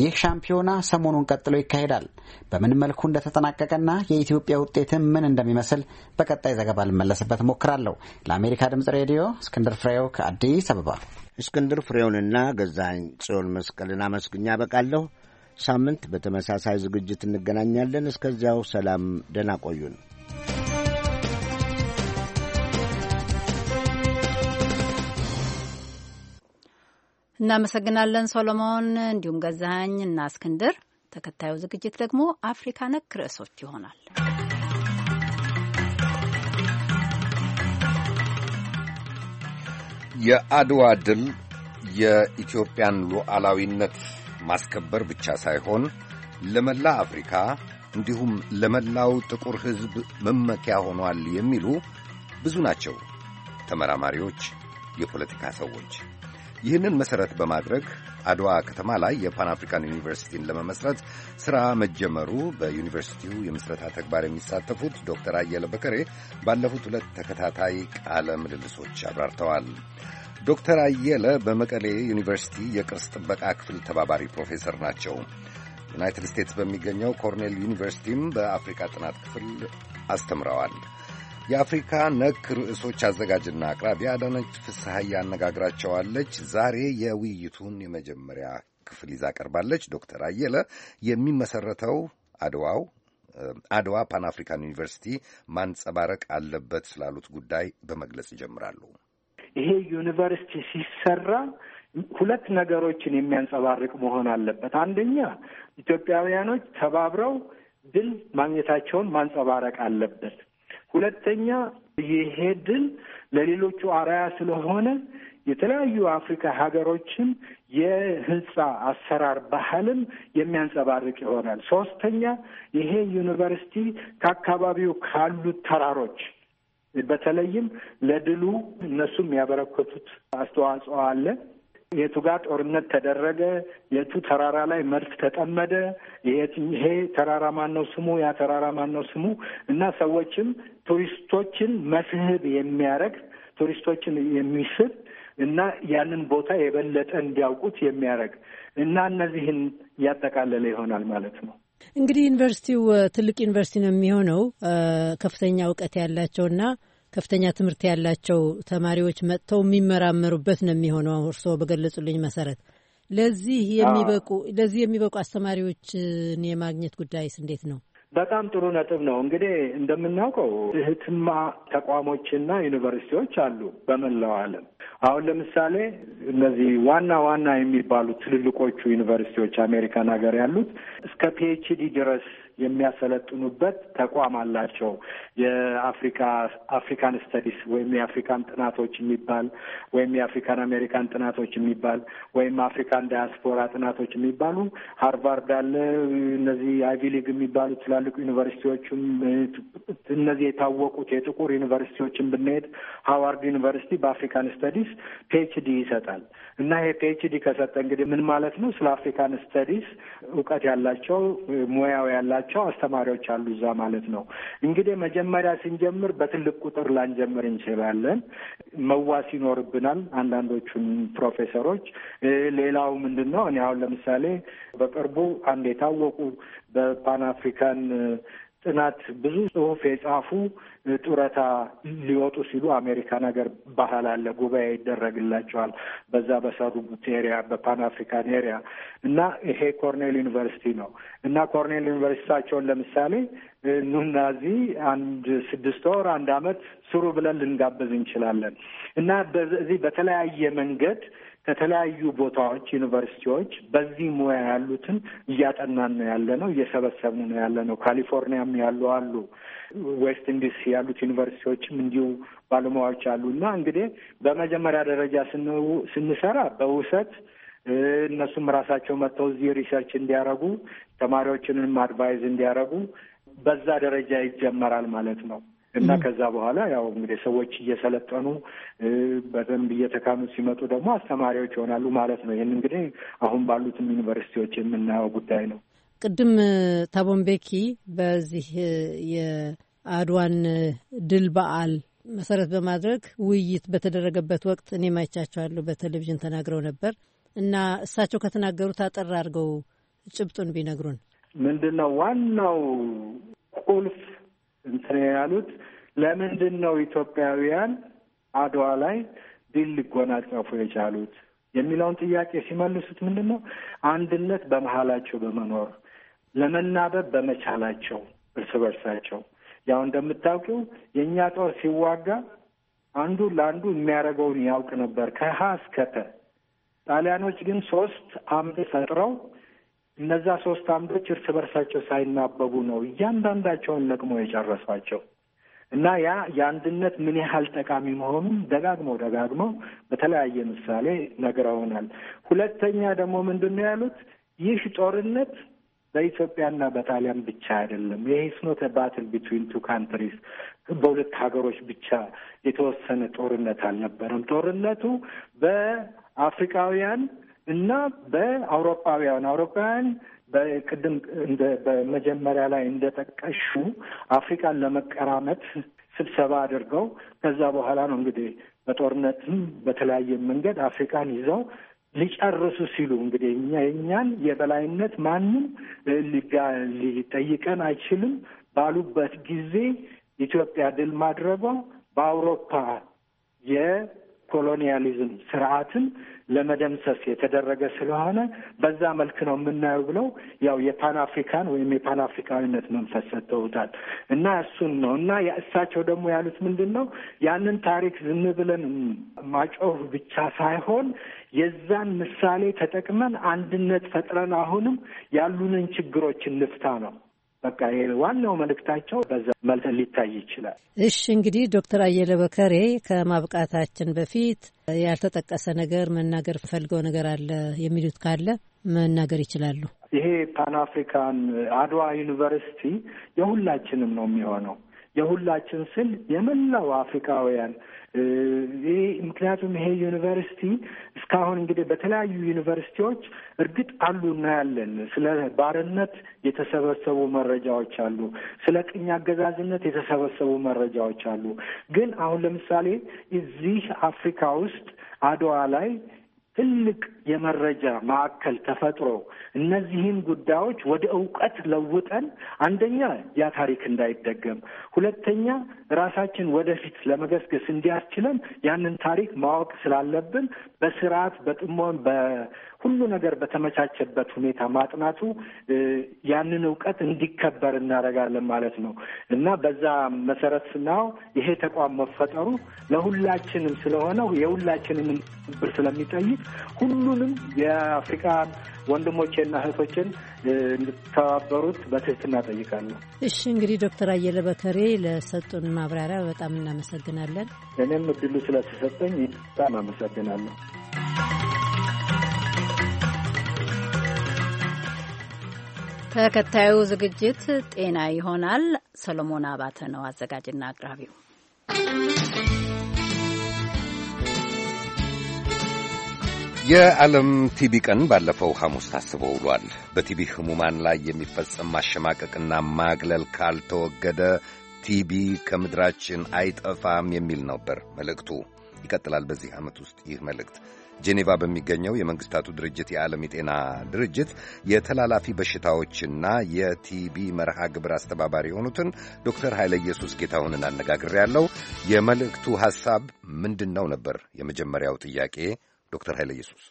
ይህ ሻምፒዮና ሰሞኑን ቀጥሎ ይካሄዳል። በምን መልኩ እንደተጠናቀቀና የኢትዮጵያ ውጤትም ምን እንደሚመስል በቀጣይ ዘገባ ልመለስበት ሞክራለሁ። ለአሜሪካ ድምጽ ሬዲዮ እስክንድር ፍሬው ከአዲስ አበባ። እስክንድር ፍሬውንና ገዛኝ ጽዮን መስቀልን አመስግኛ በቃለሁ። ሳምንት በተመሳሳይ ዝግጅት እንገናኛለን። እስከዚያው ሰላም፣ ደህና ቆዩን። እናመሰግናለን ሶሎሞን፣ እንዲሁም ገዛኸኝ እና እስክንድር። ተከታዩ ዝግጅት ደግሞ አፍሪካ ነክ ርዕሶች ይሆናል። የአድዋ ድል የኢትዮጵያን ሉዓላዊነት ማስከበር ብቻ ሳይሆን ለመላ አፍሪካ እንዲሁም ለመላው ጥቁር ሕዝብ መመኪያ ሆኗል የሚሉ ብዙ ናቸው ተመራማሪዎች፣ የፖለቲካ ሰዎች ይህንን መሠረት በማድረግ አድዋ ከተማ ላይ የፓን አፍሪካን ዩኒቨርሲቲን ለመመስረት ሥራ መጀመሩ በዩኒቨርሲቲው የምስረታ ተግባር የሚሳተፉት ዶክተር አየለ በከሬ ባለፉት ሁለት ተከታታይ ቃለ ምልልሶች አብራርተዋል። ዶክተር አየለ በመቀሌ ዩኒቨርሲቲ የቅርስ ጥበቃ ክፍል ተባባሪ ፕሮፌሰር ናቸው። ዩናይትድ ስቴትስ በሚገኘው ኮርኔል ዩኒቨርሲቲም በአፍሪካ ጥናት ክፍል አስተምረዋል። የአፍሪካ ነክ ርዕሶች አዘጋጅና አቅራቢ አዳነች ፍስሐ ያነጋግራቸዋለች። ዛሬ የውይይቱን የመጀመሪያ ክፍል ይዛ ቀርባለች። ዶክተር አየለ የሚመሰረተው አድዋው አድዋ ፓን አፍሪካን ዩኒቨርሲቲ ማንጸባረቅ አለበት ስላሉት ጉዳይ በመግለጽ ይጀምራሉ። ይሄ ዩኒቨርሲቲ ሲሰራ ሁለት ነገሮችን የሚያንጸባርቅ መሆን አለበት። አንደኛ ኢትዮጵያውያኖች ተባብረው ድል ማግኘታቸውን ማንጸባረቅ አለበት። ሁለተኛ ይሄ ድል ለሌሎቹ አርአያ ስለሆነ የተለያዩ አፍሪካ ሀገሮችን የህንፃ አሰራር ባህልም የሚያንጸባርቅ ይሆናል። ሶስተኛ ይሄ ዩኒቨርሲቲ ከአካባቢው ካሉት ተራሮች በተለይም ለድሉ እነሱ የሚያበረከቱት አስተዋጽኦ አለ። የቱ ጋር ጦርነት ተደረገ፣ የቱ ተራራ ላይ መድፍ ተጠመደ፣ ይሄ ተራራ ማን ነው ስሙ፣ ያ ተራራ ማን ነው ስሙ እና ሰዎችም ቱሪስቶችን መስህብ የሚያደርግ ቱሪስቶችን የሚስብ እና ያንን ቦታ የበለጠ እንዲያውቁት የሚያደርግ እና እነዚህን ያጠቃለለ ይሆናል ማለት ነው። እንግዲህ ዩኒቨርሲቲው ትልቅ ዩኒቨርሲቲ ነው የሚሆነው። ከፍተኛ እውቀት ያላቸውና ከፍተኛ ትምህርት ያላቸው ተማሪዎች መጥተው የሚመራመሩበት ነው የሚሆነው። እርስዎ በገለጹልኝ መሰረት ለዚህ የሚበቁ ለዚህ የሚበቁ አስተማሪዎችን የማግኘት ጉዳይስ እንዴት ነው? በጣም ጥሩ ነጥብ ነው። እንግዲህ እንደምናውቀው እህትማ ተቋሞችና ዩኒቨርሲቲዎች አሉ በመላው ዓለም። አሁን ለምሳሌ እነዚህ ዋና ዋና የሚባሉ ትልልቆቹ ዩኒቨርሲቲዎች አሜሪካን ሀገር ያሉት እስከ ፒኤችዲ ድረስ የሚያሰለጥኑበት ተቋም አላቸው። የአፍሪካ አፍሪካን ስተዲስ ወይም የአፍሪካን ጥናቶች የሚባል ወይም የአፍሪካን አሜሪካን ጥናቶች የሚባል ወይም አፍሪካን ዳያስፖራ ጥናቶች የሚባሉ ሃርቫርድ አለ። እነዚህ አይቪ ሊግ የሚባሉ ትላልቅ ዩኒቨርሲቲዎችም እነዚህ የታወቁት የጥቁር ዩኒቨርሲቲዎችን ብንሄድ ሃዋርድ ዩኒቨርሲቲ በአፍሪካን ስተዲስ ፒኤችዲ ይሰጣል እና ይሄ ፒኤችዲ ከሰጠ እንግዲህ ምን ማለት ነው? ስለ አፍሪካን ስተዲስ እውቀት ያላቸው ሙያው ያላቸው ያላቸው አስተማሪዎች አሉ እዛ ማለት ነው። እንግዲህ መጀመሪያ ስንጀምር በትልቅ ቁጥር ላንጀምር እንችላለን። መዋስ ይኖርብናል አንዳንዶቹን ፕሮፌሰሮች። ሌላው ምንድን ነው እኔ አሁን ለምሳሌ በቅርቡ አንድ የታወቁ በፓን አፍሪካን ጥናት ብዙ ጽሁፍ የጻፉ ጡረታ ሊወጡ ሲሉ አሜሪካን ነገር ባህል አለ፣ ጉባኤ ይደረግላቸዋል። በዛ በሰሩት ኤሪያ በፓን አፍሪካን ኤሪያ እና ይሄ ኮርኔል ዩኒቨርሲቲ ነው እና ኮርኔል ዩኒቨርሲቲያቸውን ለምሳሌ ኑና እዚህ አንድ ስድስት ወር አንድ አመት ስሩ ብለን ልንጋበዝ እንችላለን እና በዚህ በተለያየ መንገድ ከተለያዩ ቦታዎች ዩኒቨርሲቲዎች በዚህ ሙያ ያሉትን እያጠናን ነው ያለ ነው፣ እየሰበሰብን ነው ያለ ነው። ካሊፎርኒያም ያሉ አሉ፣ ዌስት ኢንዲስ ያሉት ዩኒቨርሲቲዎችም እንዲሁ ባለሙያዎች አሉ። እና እንግዲህ በመጀመሪያ ደረጃ ስንሰራ በውሰት እነሱም ራሳቸው መጥተው እዚህ ሪሰርች እንዲያደረጉ ተማሪዎችንም አድቫይዝ እንዲያደረጉ በዛ ደረጃ ይጀመራል ማለት ነው። እና ከዛ በኋላ ያው እንግዲህ ሰዎች እየሰለጠኑ በደንብ እየተካኑ ሲመጡ ደግሞ አስተማሪዎች ይሆናሉ ማለት ነው። ይህን እንግዲህ አሁን ባሉትም ዩኒቨርሲቲዎች የምናየው ጉዳይ ነው። ቅድም ታቦምቤኪ በዚህ የአድዋን ድል በዓል መሰረት በማድረግ ውይይት በተደረገበት ወቅት እኔ ማይቻቸዋለሁ በቴሌቪዥን ተናግረው ነበር እና እሳቸው ከተናገሩት አጠር አድርገው ጭብጡን ቢነግሩን ምንድን ነው ዋናው ቁልፍ እንትን ያሉት ለምንድን ነው ኢትዮጵያውያን አድዋ ላይ ድል ሊጎናጸፉ የቻሉት የሚለውን ጥያቄ ሲመልሱት ምንድን ነው አንድነት በመሀላቸው በመኖር ለመናበብ በመቻላቸው እርስ በርሳቸው ያው እንደምታውቂው የእኛ ጦር ሲዋጋ አንዱ ለአንዱ የሚያደርገውን ያውቅ ነበር ከሀ እስከ ተ ጣሊያኖች ግን ሶስት አምድ ፈጥረው እነዛ ሶስት አምዶች እርስ በርሳቸው ሳይናበቡ ነው እያንዳንዳቸውን ለቅሞ የጨረሷቸው እና ያ የአንድነት ምን ያህል ጠቃሚ መሆኑን ደጋግመው ደጋግመው በተለያየ ምሳሌ ነግረውናል። ሁለተኛ ደግሞ ምንድን ነው ያሉት? ይህ ጦርነት በኢትዮጵያና በጣሊያን ብቻ አይደለም። ይህ ባትል ቢትዊን ቱ ካንትሪስ በሁለት ሀገሮች ብቻ የተወሰነ ጦርነት አልነበረም። ጦርነቱ በአፍሪካውያን እና በአውሮፓውያን አውሮፓውያን በቅድም በመጀመሪያ ላይ እንደጠቀሹ አፍሪካን ለመቀራመት ስብሰባ አድርገው ከዛ በኋላ ነው እንግዲህ በጦርነትም በተለያየ መንገድ አፍሪካን ይዘው ሊጨርሱ ሲሉ እንግዲህ እኛ የእኛን የበላይነት ማንም ሊጠይቀን አይችልም ባሉበት ጊዜ ኢትዮጵያ ድል ማድረጓ በአውሮፓ የኮሎኒያሊዝም ስርዓትን ለመደምሰስ የተደረገ ስለሆነ በዛ መልክ ነው የምናየው ብለው ያው የፓን አፍሪካን ወይም የፓን አፍሪካዊነት መንፈስ ሰጥተውታል እና እሱን ነው እና እሳቸው ደግሞ ያሉት ምንድን ነው ያንን ታሪክ ዝም ብለን ማጮህ ብቻ ሳይሆን የዛን ምሳሌ ተጠቅመን አንድነት ፈጥረን አሁንም ያሉንን ችግሮች እንፍታ ነው በቃ ይሄ ዋናው መልእክታቸው በዛ መልክ ሊታይ ይችላል። እሺ እንግዲህ ዶክተር አየለ በከሬ ከማብቃታችን በፊት ያልተጠቀሰ ነገር መናገር ፈልገው ነገር አለ የሚሉት ካለ መናገር ይችላሉ። ይሄ ፓን አፍሪካን አድዋ ዩኒቨርሲቲ የሁላችንም ነው የሚሆነው የሁላችን ስል የመላው አፍሪካውያን ይህ ምክንያቱም ይሄ ዩኒቨርሲቲ እስካሁን እንግዲህ በተለያዩ ዩኒቨርሲቲዎች እርግጥ አሉ እናያለን። ስለ ባርነት የተሰበሰቡ መረጃዎች አሉ። ስለ ቅኝ አገዛዝነት የተሰበሰቡ መረጃዎች አሉ። ግን አሁን ለምሳሌ እዚህ አፍሪካ ውስጥ አድዋ ላይ ትልቅ የመረጃ ማዕከል ተፈጥሮ እነዚህን ጉዳዮች ወደ እውቀት ለውጠን አንደኛ ያ ታሪክ እንዳይደገም፣ ሁለተኛ ራሳችን ወደፊት ለመገስገስ እንዲያስችለን ያንን ታሪክ ማወቅ ስላለብን በስርዓት በጥሞን ሁሉ ነገር በተመቻቸበት ሁኔታ ማጥናቱ ያንን እውቀት እንዲከበር እናደርጋለን ማለት ነው እና በዛ መሰረት ነው ይሄ ተቋም መፈጠሩ ለሁላችንም ስለሆነው የሁላችንም ብር ስለሚጠይቅ ሁሉንም የአፍሪካን ወንድሞቼና እህቶችን እንድተባበሩት በትህትና ጠይቃለሁ። እሺ እንግዲህ ዶክተር አየለ በከሬ ለሰጡን ማብራሪያ በጣም እናመሰግናለን። እኔም እድሉ ስለተሰጠኝ በጣም አመሰግናለሁ። ተከታዩ ዝግጅት ጤና ይሆናል። ሰሎሞን አባተ ነው አዘጋጅና አቅራቢው። የዓለም ቲቢ ቀን ባለፈው ሐሙስ ታስቦ ውሏል። በቲቢ ሕሙማን ላይ የሚፈጸም ማሸማቀቅና ማግለል ካልተወገደ ቲቢ ከምድራችን አይጠፋም የሚል ነበር መልእክቱ። ይቀጥላል በዚህ ዓመት ውስጥ ይህ መልእክት ጄኔቫ በሚገኘው የመንግስታቱ ድርጅት የዓለም የጤና ድርጅት የተላላፊ በሽታዎችና የቲቢ መርሃ ግብር አስተባባሪ የሆኑትን ዶክተር ኃይለ ኢየሱስ ጌታሁንን ያለው የመልእክቱ ሐሳብ ምንድን ነው ነበር የመጀመሪያው ጥያቄ። ዶክተር ኃይለ ኢየሱስ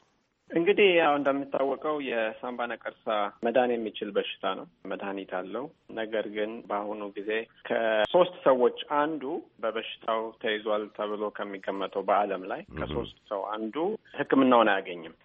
እንግዲህ ያው እንደሚታወቀው የሳምባ ነቀርሳ መዳን የሚችል በሽታ ነው። መድኃኒት አለው። ነገር ግን በአሁኑ ጊዜ ከሶስት ሰዎች አንዱ በበሽታው ተይዟል ተብሎ ከሚገመተው በዓለም ላይ ከሶስት ሰው አንዱ ሕክምናውን አያገኝም።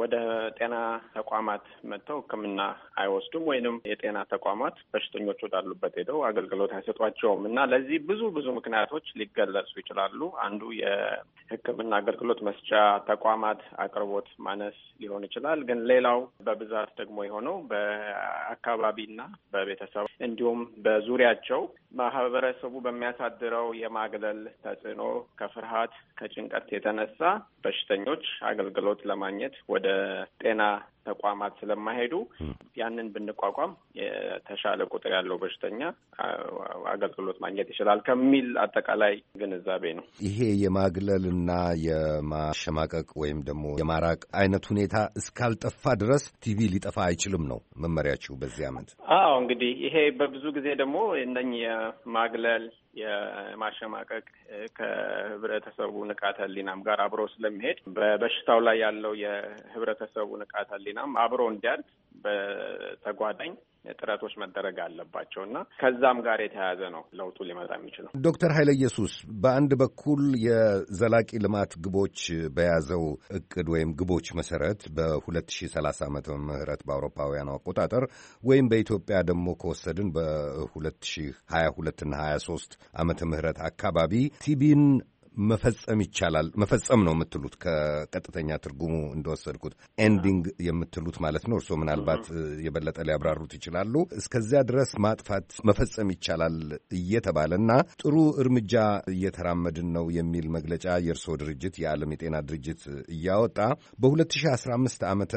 ወደ ጤና ተቋማት መጥተው ሕክምና አይወስዱም ወይንም የጤና ተቋማት በሽተኞች ወዳሉበት ሄደው አገልግሎት አይሰጧቸውም እና ለዚህ ብዙ ብዙ ምክንያቶች ሊገለጹ ይችላሉ። አንዱ የሕክምና አገልግሎት መስጫ ተቋማት አቅርቦት ማነ መቀነስ ሊሆን ይችላል። ግን ሌላው በብዛት ደግሞ የሆነው በአካባቢና በቤተሰብ እንዲሁም በዙሪያቸው ማህበረሰቡ በሚያሳድረው የማግለል ተጽዕኖ ከፍርሃት፣ ከጭንቀት የተነሳ በሽተኞች አገልግሎት ለማግኘት ወደ ጤና ተቋማት ስለማይሄዱ ያንን ብንቋቋም የተሻለ ቁጥር ያለው በሽተኛ አገልግሎት ማግኘት ይችላል ከሚል አጠቃላይ ግንዛቤ ነው። ይሄ የማግለልና የማሸማቀቅ ወይም ደግሞ የማራቅ አይነት ሁኔታ እስካልጠፋ ድረስ ቲቪ ሊጠፋ አይችልም ነው መመሪያችሁ በዚህ ዓመት? አዎ እንግዲህ ይሄ በብዙ ጊዜ ደግሞ እነኝህ የማግለል የማሸማቀቅ ከህብረተሰቡ ንቃተ ህሊናም ጋር አብሮ ስለሚሄድ በበሽታው ላይ ያለው የህብረተሰቡ ንቃተ ህሊናም አብሮ እንዲያድግ በተጓዳኝ ጥረቶች መደረግ አለባቸው እና ከዛም ጋር የተያያዘ ነው ለውጡ ሊመጣ የሚችለው። ዶክተር ኃይለ ኢየሱስ በአንድ በኩል የዘላቂ ልማት ግቦች በያዘው እቅድ ወይም ግቦች መሰረት በ2030 ዓመተ ምህረት በአውሮፓውያኑ አቆጣጠር ወይም በኢትዮጵያ ደግሞ ከወሰድን በ2022ና 23 ዓመተ ምህረት አካባቢ ቲቢን መፈጸም ይቻላል መፈጸም ነው የምትሉት ከቀጥተኛ ትርጉሙ እንደወሰድኩት ኤንዲንግ የምትሉት ማለት ነው። እርስዎ ምናልባት የበለጠ ሊያብራሩት ይችላሉ። እስከዚያ ድረስ ማጥፋት መፈጸም ይቻላል እየተባለ እና ጥሩ እርምጃ እየተራመድን ነው የሚል መግለጫ የእርስዎ ድርጅት የዓለም የጤና ድርጅት እያወጣ በ2015 ዓመተ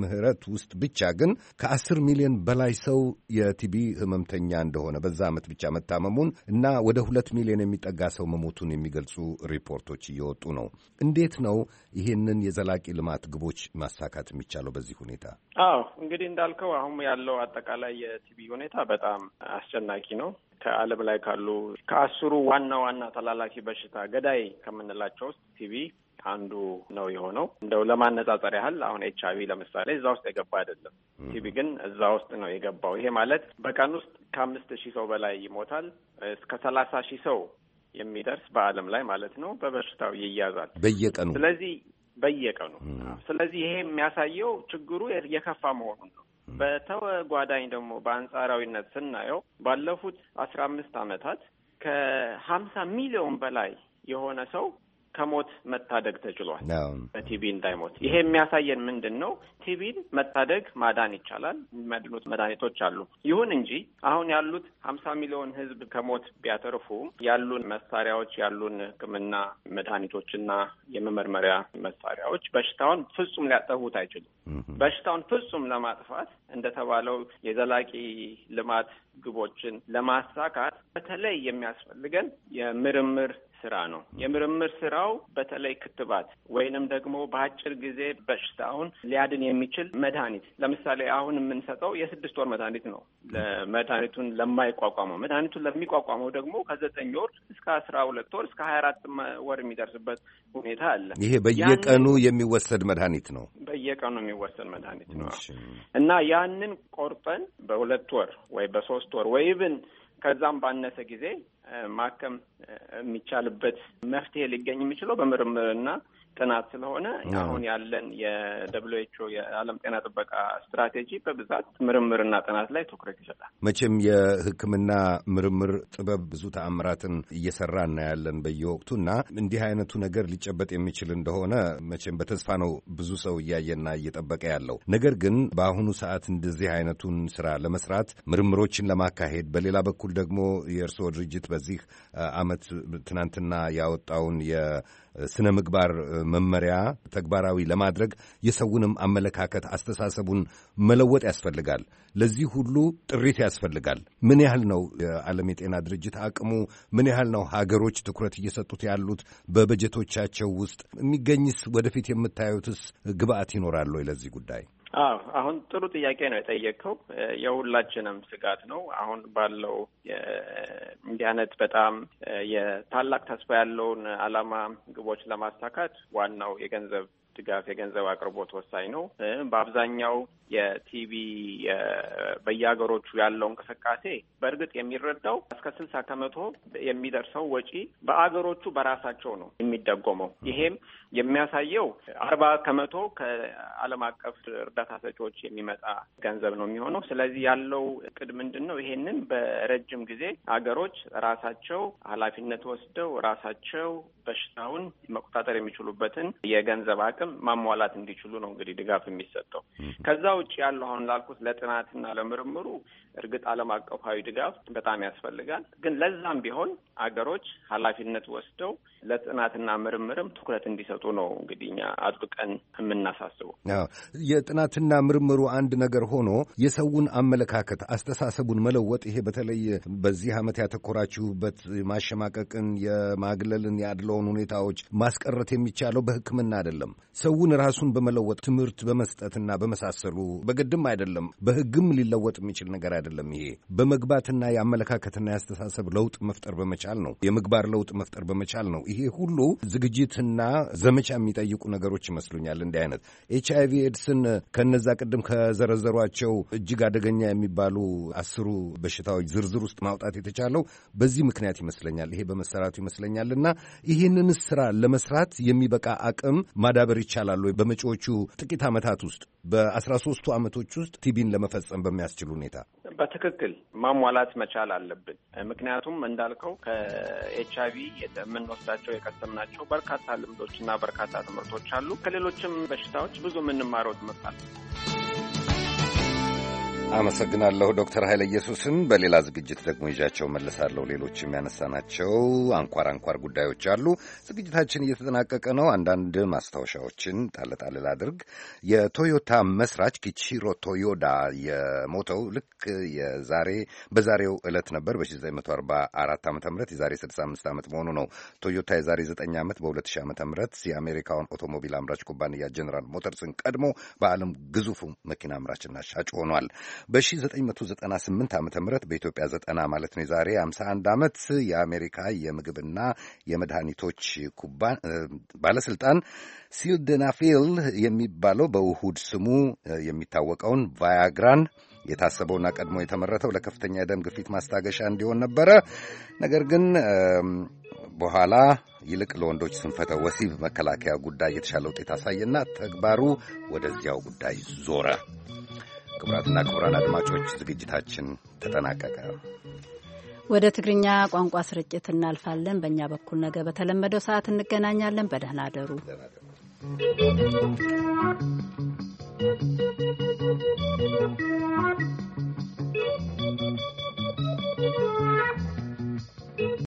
ምህረት ውስጥ ብቻ ግን ከ10 ሚሊዮን በላይ ሰው የቲቢ ህመምተኛ እንደሆነ በዛ ዓመት ብቻ መታመሙን እና ወደ ሁለት ሚሊዮን የሚጠጋ ሰው መሞቱን የሚገልጹ ሪፖርቶች እየወጡ ነው። እንዴት ነው ይህንን የዘላቂ ልማት ግቦች ማሳካት የሚቻለው በዚህ ሁኔታ? አዎ እንግዲህ እንዳልከው አሁን ያለው አጠቃላይ የቲቪ ሁኔታ በጣም አስጨናቂ ነው። ከዓለም ላይ ካሉ ከአስሩ ዋና ዋና ተላላኪ በሽታ ገዳይ ከምንላቸው ውስጥ ቲቪ አንዱ ነው የሆነው። እንደው ለማነጻጸር ያህል አሁን ኤች አይቪ ለምሳሌ እዛ ውስጥ የገባ አይደለም። ቲቪ ግን እዛ ውስጥ ነው የገባው። ይሄ ማለት በቀን ውስጥ ከአምስት ሺህ ሰው በላይ ይሞታል። እስከ ሰላሳ ሺህ ሰው የሚደርስ በዓለም ላይ ማለት ነው በበሽታው ይያዛል በየቀኑ ስለዚህ በየቀኑ ስለዚህ ይሄ የሚያሳየው ችግሩ የከፋ መሆኑን ነው። በተጓዳኝ ደግሞ በአንጻራዊነት ስናየው ባለፉት አስራ አምስት ዓመታት ከሀምሳ ሚሊዮን በላይ የሆነ ሰው ከሞት መታደግ ተችሏል። በቲቪ እንዳይሞት ይሄ የሚያሳየን ምንድን ነው? ቲቪን መታደግ ማዳን ይቻላል። የሚያድኑት መድኃኒቶች አሉ። ይሁን እንጂ አሁን ያሉት ሀምሳ ሚሊዮን ህዝብ ከሞት ቢያተርፉ ያሉን መሳሪያዎች ያሉን ሕክምና መድኃኒቶችና የመመርመሪያ መሳሪያዎች በሽታውን ፍጹም ሊያጠፉት አይችሉም። በሽታውን ፍጹም ለማጥፋት እንደተባለው የዘላቂ ልማት ግቦችን ለማሳካት በተለይ የሚያስፈልገን የምርምር ስራ ነው። የምርምር ስራው በተለይ ክትባት ወይንም ደግሞ በአጭር ጊዜ በሽታውን ሊያድን የሚችል መድኃኒት ለምሳሌ አሁን የምንሰጠው የስድስት ወር መድኃኒት ነው። መድኃኒቱን ለማይቋቋመው መድኃኒቱን ለሚቋቋመው ደግሞ ከዘጠኝ ወር እስከ አስራ ሁለት ወር እስከ ሀያ አራት ወር የሚደርስበት ሁኔታ አለ። ይሄ በየቀኑ የሚወሰድ መድኃኒት ነው። በየቀኑ የሚወሰድ መድኃኒት ነው እና ያንን ቆርጠን በሁለት ወር ወይ በሶስት ወር ወይ ብን ከዛም ባነሰ ጊዜ ማከም የሚቻልበት መፍትሄ ሊገኝ የሚችለው በምርምርና ጥናት ስለሆነ አሁን ያለን የደብሊው ኤች ኦ የዓለም ጤና ጥበቃ ስትራቴጂ በብዛት ምርምርና ጥናት ላይ ትኩረት ይሰጣል። መቼም የሕክምና ምርምር ጥበብ ብዙ ተአምራትን እየሰራ እናያለን በየወቅቱ እና እንዲህ አይነቱ ነገር ሊጨበጥ የሚችል እንደሆነ መቼም በተስፋ ነው ብዙ ሰው እያየና እየጠበቀ ያለው። ነገር ግን በአሁኑ ሰዓት እንደዚህ አይነቱን ስራ ለመስራት ምርምሮችን ለማካሄድ በሌላ በኩል ደግሞ የእርስዎ ድርጅት በዚህ አመት ትናንትና ያወጣውን ስነ ምግባር መመሪያ ተግባራዊ ለማድረግ የሰውንም አመለካከት አስተሳሰቡን መለወጥ ያስፈልጋል። ለዚህ ሁሉ ጥሪት ያስፈልጋል። ምን ያህል ነው የዓለም የጤና ድርጅት አቅሙ? ምን ያህል ነው ሀገሮች ትኩረት እየሰጡት ያሉት? በበጀቶቻቸው ውስጥ የሚገኝስ ወደፊት የምታዩትስ ግብአት ይኖራል ወይ ለዚህ ጉዳይ? አዎ አሁን ጥሩ ጥያቄ ነው የጠየቅከው። የሁላችንም ስጋት ነው። አሁን ባለው እንዲህ አይነት በጣም የታላቅ ተስፋ ያለውን ዓላማ ግቦች ለማሳካት ዋናው የገንዘብ ድጋፍ የገንዘብ አቅርቦት ወሳኝ ነው። በአብዛኛው የቲቪ በየሀገሮቹ ያለው እንቅስቃሴ በእርግጥ የሚረዳው እስከ ስልሳ ከመቶ የሚደርሰው ወጪ በአገሮቹ በራሳቸው ነው የሚደጎመው። ይሄም የሚያሳየው አርባ ከመቶ ከዓለም አቀፍ እርዳታ ሰጪዎች የሚመጣ ገንዘብ ነው የሚሆነው። ስለዚህ ያለው እቅድ ምንድን ነው? ይሄንን በረጅም ጊዜ አገሮች ራሳቸው ኃላፊነት ወስደው ራሳቸው በሽታውን መቆጣጠር የሚችሉበትን የገንዘብ አቅም ማሟላት እንዲችሉ ነው እንግዲህ ድጋፍ የሚሰጠው። ከዛ ውጭ ያለው አሁን ላልኩት ለጥናትና ለምርምሩ እርግጥ ዓለም አቀፋዊ ድጋፍ በጣም ያስፈልጋል። ግን ለዛም ቢሆን አገሮች ኃላፊነት ወስደው ለጥናትና ምርምርም ትኩረት እንዲሰጡ እንዲመጡ ነው እንግዲህ እኛ አጥብቀን የምናሳስበው። የጥናትና ምርምሩ አንድ ነገር ሆኖ የሰውን አመለካከት አስተሳሰቡን መለወጥ ይሄ በተለይ በዚህ ዓመት ያተኮራችሁበት ማሸማቀቅን፣ የማግለልን፣ የአድለውን ሁኔታዎች ማስቀረት የሚቻለው በሕክምና አይደለም። ሰውን ራሱን በመለወጥ ትምህርት በመስጠትና በመሳሰሉ በግድም አይደለም፣ በሕግም ሊለወጥ የሚችል ነገር አይደለም። ይሄ በመግባትና የአመለካከትና የአስተሳሰብ ለውጥ መፍጠር በመቻል ነው፣ የምግባር ለውጥ መፍጠር በመቻል ነው። ይሄ ሁሉ ዝግጅትና ዘመቻ የሚጠይቁ ነገሮች ይመስሉኛል። እንዲህ አይነት ኤች አይቪ ኤድስን ከነዛ ቅድም ከዘረዘሯቸው እጅግ አደገኛ የሚባሉ አስሩ በሽታዎች ዝርዝር ውስጥ ማውጣት የተቻለው በዚህ ምክንያት ይመስለኛል። ይሄ በመሰራቱ ይመስለኛል እና ይህንን ስራ ለመስራት የሚበቃ አቅም ማዳበር ይቻላል ወይ በመጪዎቹ ጥቂት ዓመታት ውስጥ በአስራ ሶስቱ ዓመቶች ውስጥ ቲቢን ለመፈጸም በሚያስችል ሁኔታ በትክክል ማሟላት መቻል አለብን። ምክንያቱም እንዳልከው ከኤች አይቪ የምንወስዳቸው የቀሰምናቸው በርካታ ልምዶችና በርካታ ትምህርቶች አሉ። ከሌሎችም በሽታዎች ብዙ የምንማረው ትምህርት አለ። አመሰግናለሁ ዶክተር ኃይለ ኢየሱስን። በሌላ ዝግጅት ደግሞ ይዣቸው መልሳለሁ። ሌሎች የሚያነሳናቸው አንኳር አንኳር ጉዳዮች አሉ። ዝግጅታችን እየተጠናቀቀ ነው። አንዳንድ ማስታወሻዎችን ጣልጣል ላድርግ። የቶዮታ መስራች ኪቺሮ ቶዮዳ የሞተው ልክ የዛሬ በዛሬው ዕለት ነበር በ1944 ዓ ም የዛሬ 65 ዓመት መሆኑ ነው። ቶዮታ የዛሬ 9 ዓመት በ2000 ዓ ም የአሜሪካውን ኦቶሞቢል አምራች ኩባንያ ጀኔራል ሞተርስን ቀድሞ በዓለም ግዙፉ መኪና አምራችና ሻጭ ሆኗል። በ1998 ዓ ም በኢትዮጵያ ዘጠና ማለት ነው የዛሬ 51 ዓመት የአሜሪካ የምግብና የመድኃኒቶች ባለስልጣን ሲልደናፊል የሚባለው በውሁድ ስሙ የሚታወቀውን ቫያግራን የታሰበውና ቀድሞ የተመረተው ለከፍተኛ የደም ግፊት ማስታገሻ እንዲሆን ነበረ። ነገር ግን በኋላ ይልቅ ለወንዶች ስንፈተ ወሲብ መከላከያ ጉዳይ የተሻለ ውጤት አሳየና ተግባሩ ወደዚያው ጉዳይ ዞረ። ክቡራትና ክቡራን አድማጮች ዝግጅታችን ተጠናቀቀ። ወደ ትግርኛ ቋንቋ ስርጭት እናልፋለን። በእኛ በኩል ነገ በተለመደው ሰዓት እንገናኛለን። በደህና አደሩ።